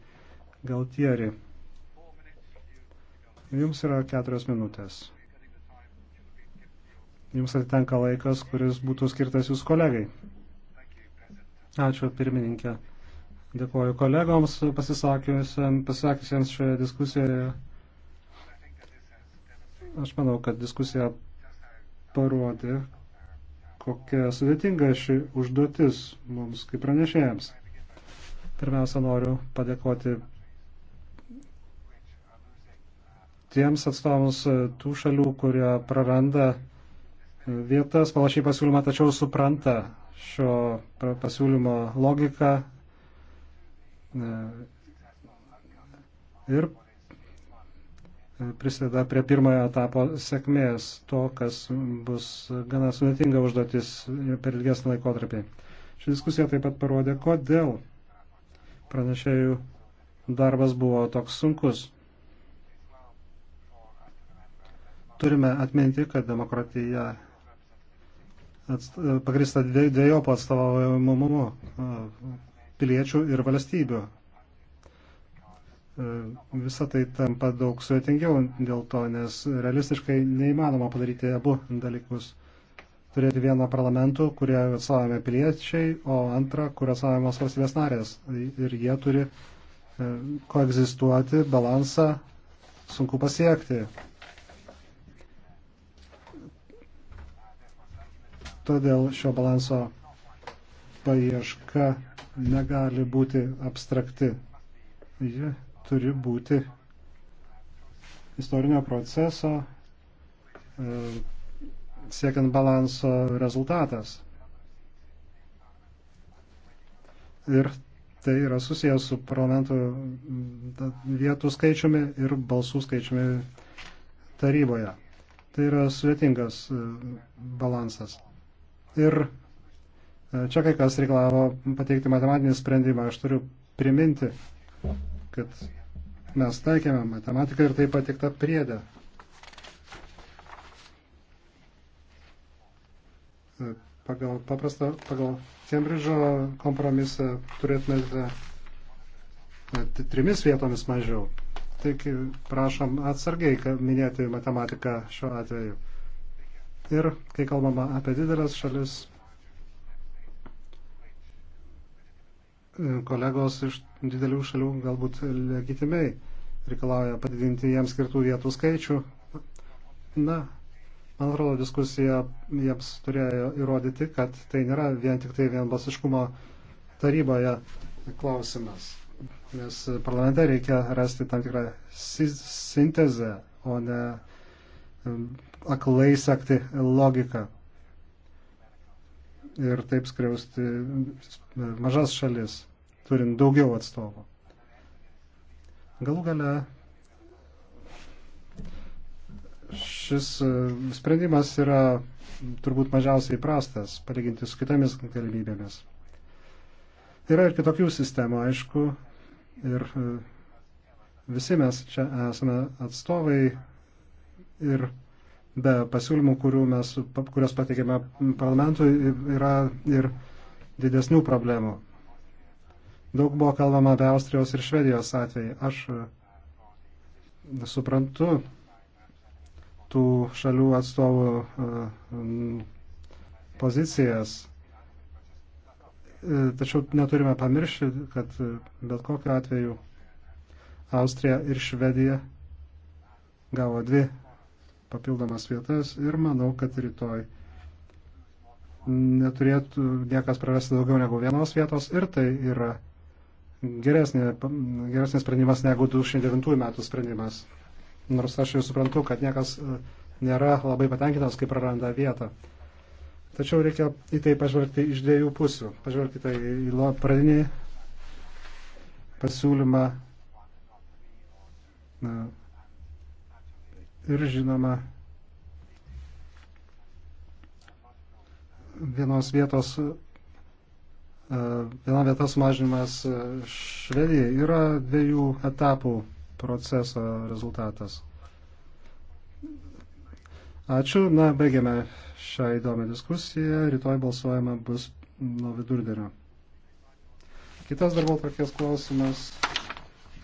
Galtieri. Jums yra keturios minutės. Jums atitenka laikas, kuris būtų skirtas jūsų kolegai. Ačiū pirmininkė. Dėkuoju kolegoms pasisakiusiems šioje diskusijoje. Aš manau, kad diskusija parodė, kokia sudėtinga ši užduotis mums kaip pranešėjams. Pirmiausia, noriu padėkoti tiems atstovams tų šalių, kurie praranda vietas panašiai pasiūlymą, tačiau supranta šio pasiūlymo logiką e, ir prisideda prie pirmojo etapo sėkmės, to, kas bus gana sudėtinga užduotis per ilgesnį laikotarpį. Ši diskusija taip pat parodė, kodėl pranešėjų darbas buvo toks sunkus. Turime atminti, kad demokratija pagrįsta dviejopo atstovavimumu piliečių ir valstybių. E, visą tai tampa daug sudėtingiau dėl to, nes realistiškai neįmanoma padaryti abu dalykus. Turėti vieną parlamentų, kurie atsavame piliečiai, o antrą, kur atsavamos valstybės narės. Ir jie turi e, koegzistuoti, balansą sunku pasiekti. Todėl šio balanso paieška negali būti abstrakti. Ji turi būti istorinio proceso e, siekiant balanso rezultatas. Ir tai yra susijęs su parlamento vietų skaičiumi ir balsų skaičiumi taryboje. Tai yra sudėtingas e, balansas. Ir e, čia kai kas reikalavo pateikti matematinį sprendimą. Aš turiu priminti, kad mes taikėme matematiką ir tai patikta priedę. Pagal paprastą, pagal Kembridžo kompromisą turėtumėte e, trimis vietomis mažiau. Tik prašom atsargiai minėti matematiką šiuo atveju. Ir kai kalbama apie didelės šalis, kolegos iš didelių šalių galbūt legitimiai reikalauja padidinti jiems skirtų vietų skaičių. Na, man atrodo, diskusija jiems turėjo įrodyti, kad tai nėra vien tik tai vienbalsiškumo taryboje klausimas, nes parlamente reikia rasti tam tikrą sintezę, o ne aklai sekti logiką ir taip skriausti mažas šalis turint daugiau atstovų. Galų gale šis e, sprendimas yra turbūt mažiausiai prastas, palyginti su kitomis galimybėmis. Yra ir kitokių sistemų, aišku, ir e, visi mes čia esame atstovai ir be pasiūlymų, mes, kurios pateikėme parlamentui, yra ir didesnių problemų. Daug buvo kalbama apie Austrijos ir Švedijos atvejį. Aš e, suprantu tų šalių atstovų e, pozicijas, e, tačiau neturime pamiršti, kad bet kokiu atveju Austrija ir Švedija gavo dvi papildomas vietas ir manau, kad rytoj neturėtų niekas prarasti daugiau negu vienos vietos ir tai yra geresnė, geresnės sprendimas negu 2009 metų sprendimas. Nors aš jau suprantu, kad niekas e, nėra labai patenkintas, kai praranda vietą. Tačiau reikia į tai pažvelgti iš dviejų pusių. Pažvelkite į pradinį pasiūlymą na, e, ir žinoma vienos vietos viena vietos mažinimas e, Švedijai yra dviejų etapų proceso rezultatas. Ačiū. Na, baigiame šią įdomią diskusiją. Rytoj balsuojama bus nuo vidurdienio. Kitas darbo tvarkės klausimas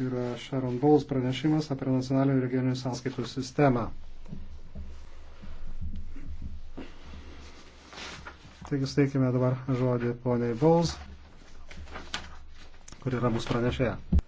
yra Sharon Bowles pranešimas apie nacionalinio regioninių sąskaitų sistemą. Taigi suteikime dabar žodį poniai Bowles, kur yra mūsų pranešėja.